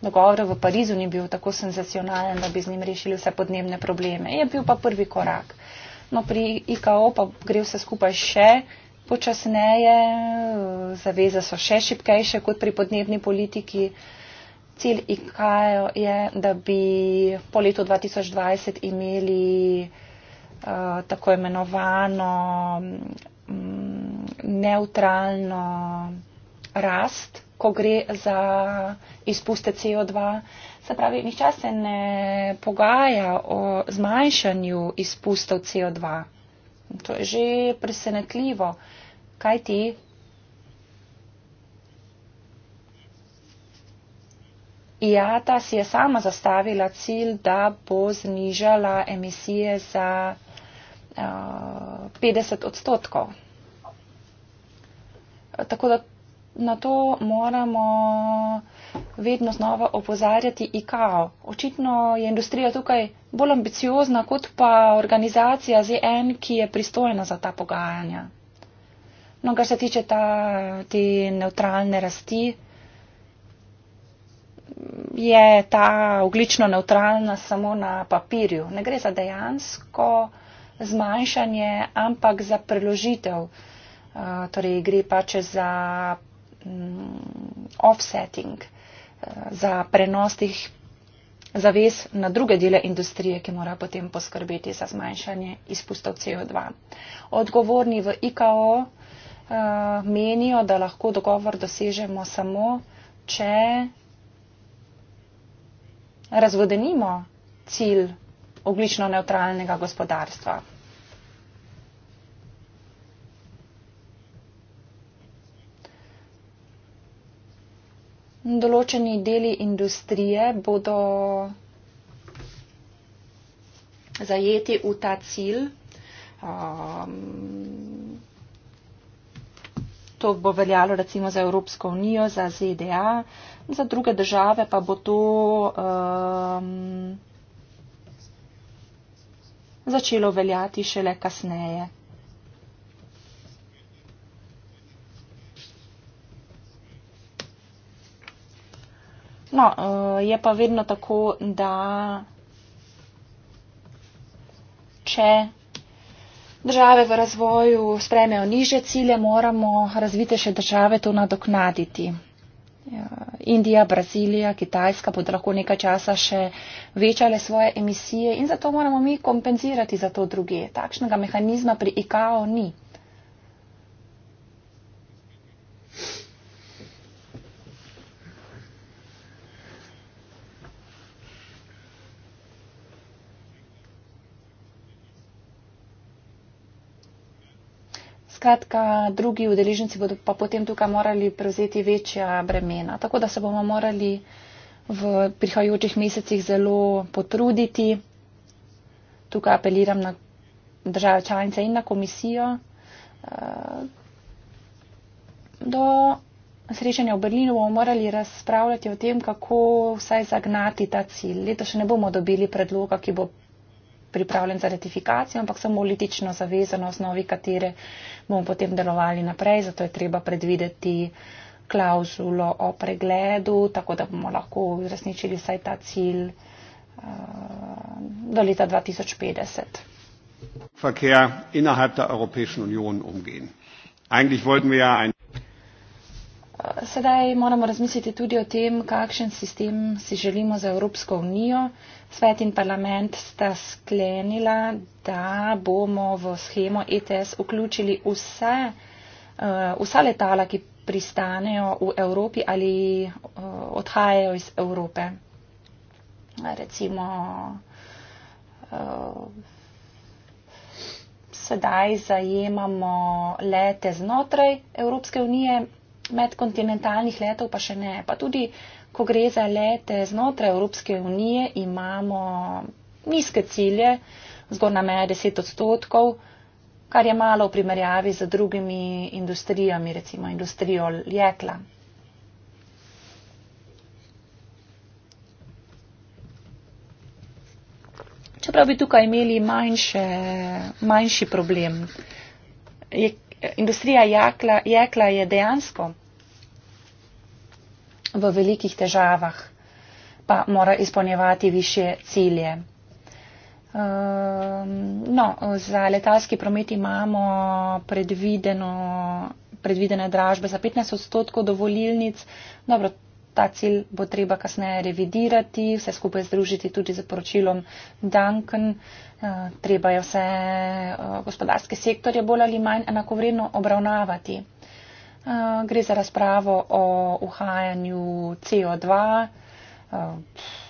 dogovor v Parizu ni bil tako senzacionalen, da bi z njim rešili vse podnebne probleme. Je bil pa prvi korak. No, pri IKO pa gre vse skupaj še počasneje, zaveze so še šipkejše kot pri podnebni politiki. Uh, cilj IKAE je, da bi po letu 2020 imeli uh, tako imenovano um, mm, neutralno rast, ko gre za izpuste CO2. Se pravi, nihče se ne pogaja o zmanjšanju izpustov CO2. To je že presenetljivo. Kaj ti, IATA si je sama zastavila cilj, da bo znižala emisije za uh, eh, 50 odstotkov. Tako da na to moramo vedno znova opozarjati IKAO. Očitno je industrija tukaj bolj ambiciozna kot pa organizacija ZN, ki je pristojna za ta pogajanja. No, kar se tiče ta, te neutralne rasti je ta oglično neutralna samo na papirju. Ne gre za dejansko zmanjšanje, ampak za preložitev. Uh, torej gre pač za mm, offsetting, uh, za prenos tih zavez na druge dele industrije, ki mora potem poskrbeti za zmanjšanje izpustov CO2. Odgovorni v IKO uh, menijo, da lahko dogovor dosežemo samo, če razvodenimo cilj oglično neutralnega gospodarstva. Določeni deli industrije bodo zajeti v ta cilj. Um, to bo veljalo recimo za Evropsko unijo, za ZDA, uh, za druge države pa bo to um, začelo veljati šele kasneje. No, uh, je pa vedno tako, da če države v razvoju spremejo niže cilje, moramo razvite še države to nadoknaditi. Ja, Indija, Brazilija, Kitajska bodo lahko nekaj časa še večale svoje emisije in zato moramo mi kompenzirati za to druge. Takšnega mehanizma pri IKO ni. skratka, drugi udeleženci bodo pa potem tukaj morali prevzeti večja bremena. Tako da se bomo morali v prihajajočih mesecih zelo potruditi. Tukaj apeliram na države članice in na komisijo. Eh, do srečanja v Berlinu bomo morali razpravljati o tem, kako vsaj zagnati ta cilj. Leto še ne bomo dobili predloga, ki bo pripravljen za ratifikacijo, ampak samo politično zavezan, na osnovi katere bomo potem delovali naprej. Zato je treba predvideti klauzulo o pregledu, tako da bomo lahko uresničili vsaj ta cilj eh, do leta 2050. Verkehr innerhalb der Europäischen Union umgehen. Eigentlich wollten wir ja ein sedaj moramo razmisliti tudi o tem, kakšen sistem si želimo za Evropsko unijo. Svet in parlament sta sklenila, da bomo v schemo ETS vključili vse, eh, vsa letala, ki pristanejo v Evropi ali eh, odhajajo iz Evrope. Recimo, eh, sedaj zajemamo lete znotraj Evropske unije, medkontinentalnih letov pa še ne. Pa tudi, ko gre za lete znotraj Evropske unije, imamo nizke cilje, zgornja meja 10 odstotkov, kar je malo v primerjavi z drugimi industrijami, recimo industrijo jekla. Čeprav bi tukaj imeli manjše, manjši problem, je industrija jakla, jekla je dejansko v velikih težavah, pa mora izpolnjevati više cilje. Ehm, no, za letalski promet imamo predvideno, predvidene dražbe za 15 odstotkov dovolilnic. Dobro, ta cilj bo treba kasneje revidirati, vse skupaj združiti tudi z poročilom Duncan. Eh, treba je vse eh, gospodarske sektorje bolj ali manj enakovredno obravnavati. Eh, gre za razpravo o uhajanju CO2.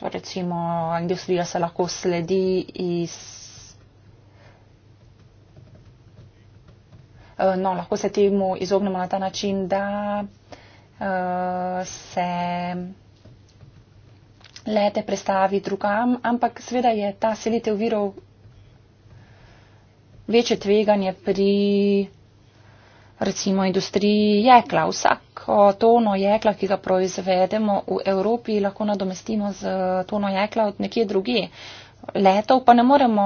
Recimo, industrija se lahko sledi iz. No, lahko se temu izognemo na ta način, da uh, se lete prestavi drugam, ampak seveda je ta selitev virov večje tveganje pri recimo industriji jekla. Vsako tono jekla, ki ga proizvedemo v Evropi, lahko nadomestimo z tono jekla od nekje drugje. Uh, letov pa ne moremo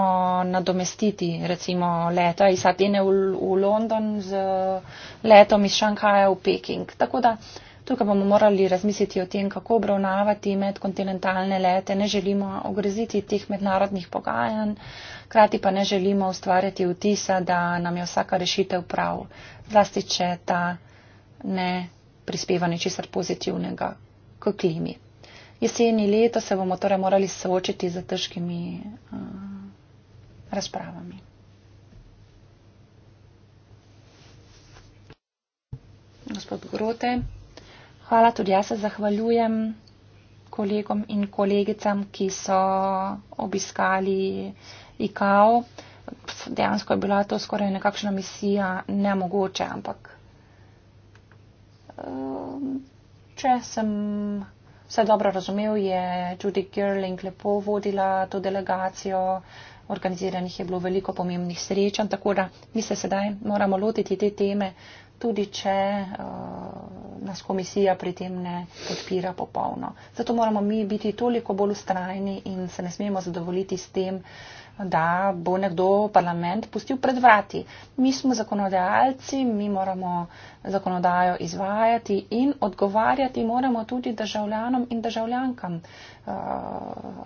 nadomestiti, recimo leta iz Atene v, v London z letom iz Šanghaja v Peking. Tako da tukaj bomo morali razmisliti o tem, kako obravnavati medkontinentalne lete. Ne želimo ogroziti teh mednarodnih pogajanj, krati pa ne želimo ustvarjati vtisa, da nam je vsaka rešitev prav, zlasti če ta ne prispeva ničesar pozitivnega k klimi jeseni leta se bomo torej morali soočiti z težkimi uh, razpravami. Gospod Grote, hvala tudi jaz se zahvaljujem kolegom in kolegicam, ki so obiskali IKAO. Dejansko je bila to skoraj nekakšna misija, ne mogoče, ampak če sem vse dobro razumel, je Judy Gerling lepo vodila to delegacijo, organiziranih je bilo veliko pomembnih srečanj, tako da mi se sedaj moramo lotiti te teme, tudi če uh, nas komisija pri tem ne podpira popolno. Zato moramo mi biti toliko bolj ustrajni in se ne smemo zadovoljiti s tem, uh, da bo nekdo parlament pustil pred vrati. Mi smo zakonodajalci, mi moramo zakonodajo izvajati in odgovarjati moramo tudi državljanom in državljankam, eh,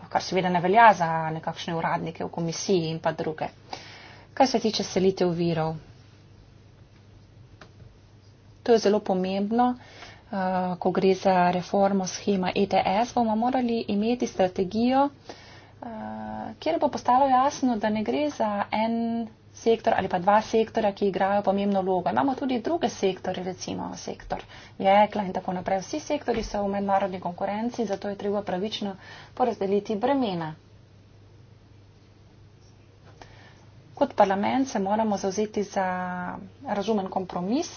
kar seveda ne velja za nekakšne uradnike v komisiji in pa druge. Kaj se tiče selitev virov? To je zelo pomembno. Eh, ko gre za reformo schema ETS, bomo morali imeti strategijo eh, kjer bo postalo jasno, da ne gre za en sektor ali pa dva sektora, ki igrajo pomembno vlogo. Imamo tudi druge sektore, recimo sektor jekla in tako naprej. Vsi sektori so v mednarodni konkurenci, zato je treba pravično porazdeliti bremena. Kot parlament se moramo zauzeti za razumen kompromis,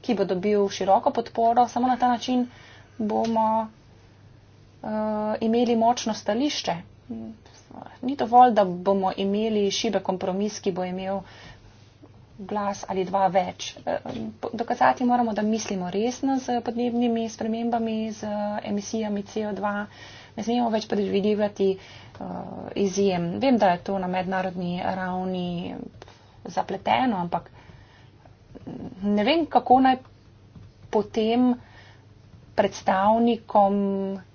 ki bo dobil široko podporo. Samo na ta način bomo Eh, imeli močno stališče. Ni dovolj, da bomo imeli šibe kompromis, ki bo imel glas ali dva več. Eh, dokazati moramo, da mislimo resno z podnebnimi spremembami, z emisijami CO2. Ne smemo več predvidevati eh, izjem. Vem, da je to na mednarodni ravni zapleteno, ampak ne vem, kako naj potem predstavnikom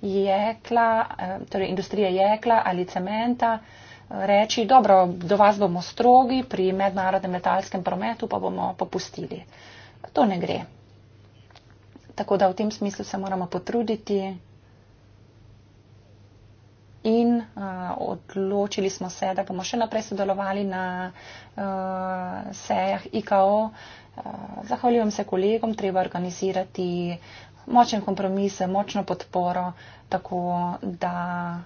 jekla, eh, torej industrije jekla ali cementa eh, reči, dobro, do vas bomo strogi pri mednarodnem letalskem prometu, pa bomo popustili. To ne gre. Tako da v tem smislu se moramo potruditi in uh, odločili smo se, da bomo še naprej sodelovali na uh, sejah IKO. Uh, zahvaljujem se kolegom, treba organizirati uh, močen kompromis, močno podporo, tako da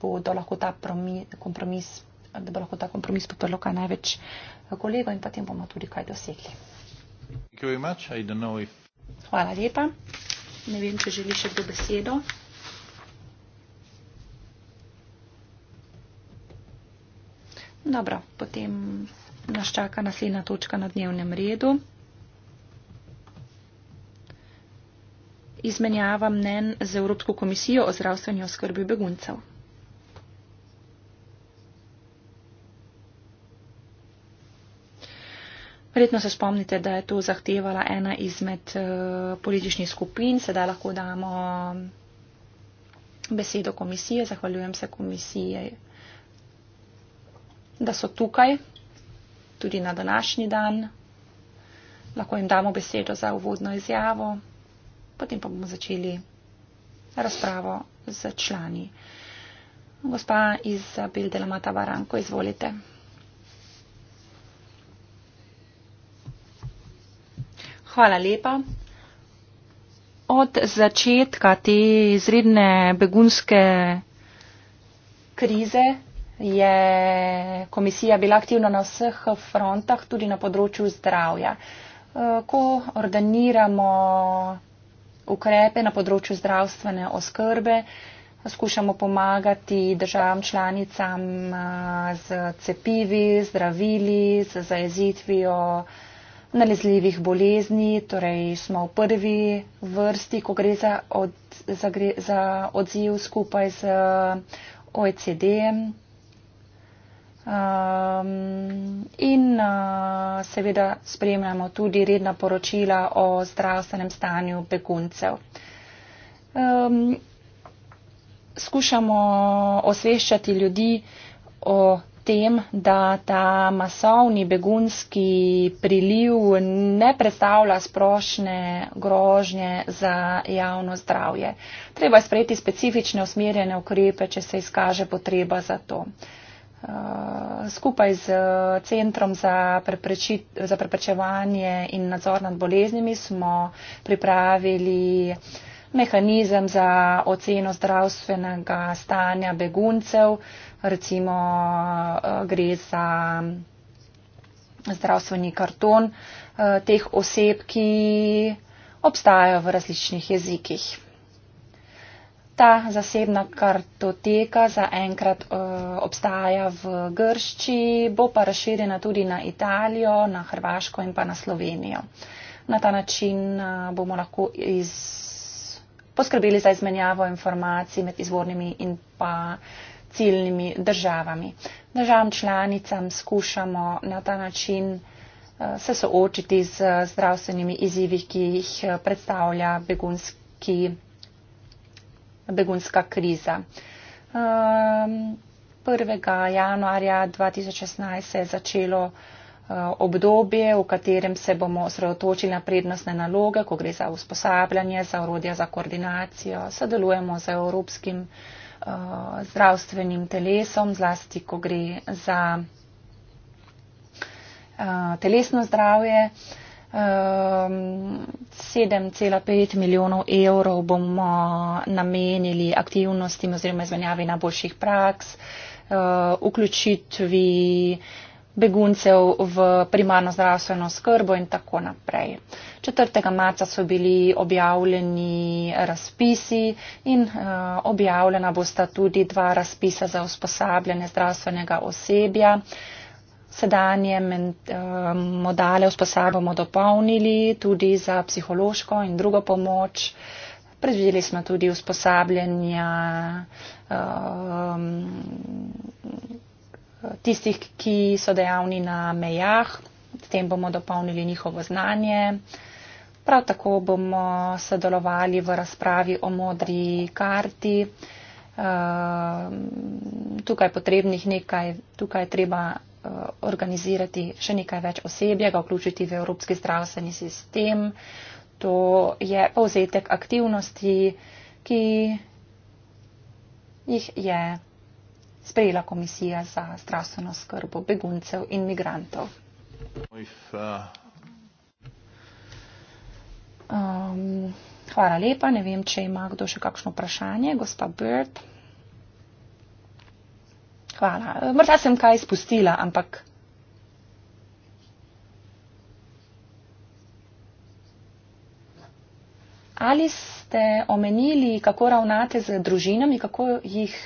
bodo lahko ta kompromis, da bo lahko ta kompromis podprlo kaj največ kolego in potem bomo tudi kaj dosegli. Hvala lepa. Ne vem, če želi še kdo besedo. Dobro, potem nas čaka naslednja točka na dnevnem redu. izmenjava mnen z Evropsko komisijo o zdravstveni oskrbi beguncev. Verjetno se spomnite, da je to zahtevala ena izmed eh, političnih skupin. Sedaj lahko damo besedo komisije. Zahvaljujem se komisije, da so tukaj tudi na današnji dan. Lahko jim damo besedo za uvodno izjavo potem pa bomo začeli razpravo z člani. Gospa Izabel Delamata Baranko, izvolite. Hvala lepa. Od začetka te izredne begunske krize je komisija bila aktivna na vseh frontah, tudi na področju zdravja. Ko ordiniramo ukrepe na področju zdravstvene oskrbe. Skušamo pomagati državam članicam z cepivi, zdravili, z zajezitvijo nalezljivih bolezni. Torej smo v prvi vrsti, ko gre za, od, za, za odziv skupaj z OECD-em. Um, in uh, seveda spremljamo tudi redna poročila o zdravstvenem stanju beguncev. Um, skušamo osveščati ljudi o tem, da ta masovni begunski priliv ne predstavlja sprošne grožnje za javno zdravje. Treba je sprejeti specifične usmerjene ukrepe, če se izkaže potreba za to. Eh, skupaj z eh, Centrom za, za preprečevanje in nadzor nad boleznimi smo pripravili mehanizem za oceno zdravstvenega stanja beguncev. Recimo eh, gre za zdravstveni karton teh oseb, ki obstajajo v različnih jezikih ta zasebna kartoteka zaenkrat uh, obstaja v Grščiji, bo pa razširjena tudi na Italijo, na Hrvaško in pa na Slovenijo. Na ta način uh, bomo lahko iz, poskrbeli za izmenjavo informacij med izvornimi in pa ciljnimi državami. Državam članicam skušamo na ta način uh, se soočiti z zdravstvenimi izzivi, ki jih predstavlja begunski begunska kriza. Um, ehm, 1. januarja 2016 se je začelo eh, obdobje, v katerem se bomo osredotočili na prednostne naloge, ko gre za usposabljanje, za urodja, za koordinacijo. Sodelujemo z Evropskim uh, zdravstvenim telesom, zlasti, ko gre za uh, telesno zdravje. Uh, Um, ehm, 7,5 milijonov evrov bomo namenili aktivnostim oziroma izmenjavi najboljših praks, uh, vključitvi beguncev v primarno zdravstveno skrbo in tako naprej. 4. marca so bili objavljeni razpisi in uh, objavljena bosta tudi dva razpisa za usposabljanje zdravstvenega osebja. Uh, sedanje eh, modale usposabljamo dopolnili tudi za psihološko in drugo pomoč. Predvideli smo tudi usposabljanja um, tistih, ki so dejavni na mejah, s tem bomo dopolnili njihovo znanje. Prav tako bomo sodelovali v razpravi o modri karti. Um, tukaj, tukaj je treba Eh, organizirati še nekaj več osebja, ga vključiti v evropski zdravstveni sistem. To je povzetek aktivnosti, ki jih je sprejela Komisija za zdravstveno skrbo beguncev in migrantov. Um, hvala lepa. Ne vem, če ima kdo še kakšno vprašanje. Gospa Bird. Hvala. Eh, morda sem kaj izpustila, ampak. Ali ste omenili, kako ravnate z družinami, kako jih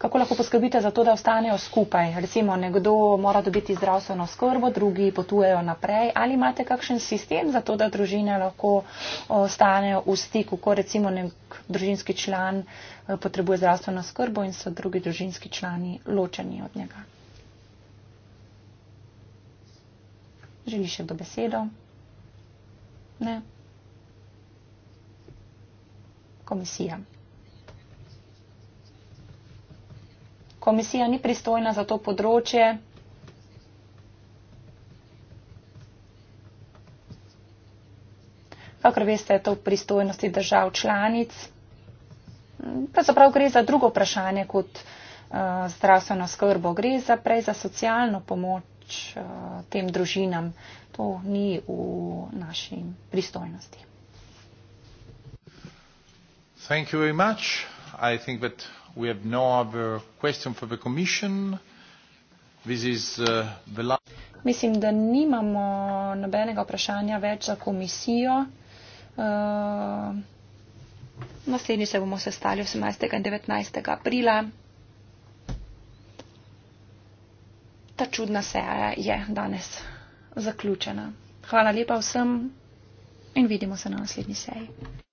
Kako lahko poskrbite za to, da ostanejo skupaj? Recimo, nekdo mora dobiti zdravstveno skrbo, drugi potujejo naprej. Ali imate kakšen sistem za to, da družine lahko ostanejo v stiku, ko recimo nek družinski član e, potrebuje zdravstveno skrbo in so drugi družinski člani ločeni od njega? Želi še do besedo? Ne. Komisija. Komisija ni pristojna za to področje. Kakor veste, je to v pristojnosti držav članic. Pravzaprav gre za drugo vprašanje kot uh, zdravstveno skrbo. Gre za prej za socialno pomoč uh, tem družinam. To ni v naši pristojnosti. Thank you very much. I think that We have no other question for the commission. This is uh, the last. Mislim, da nimamo nobenega vprašanja več za komisijo. Uh, naslednji se bomo sestali 18. in 19. aprila. Ta čudna seja je danes zaključena. Hvala lepa vsem in vidimo se na naslednji seji.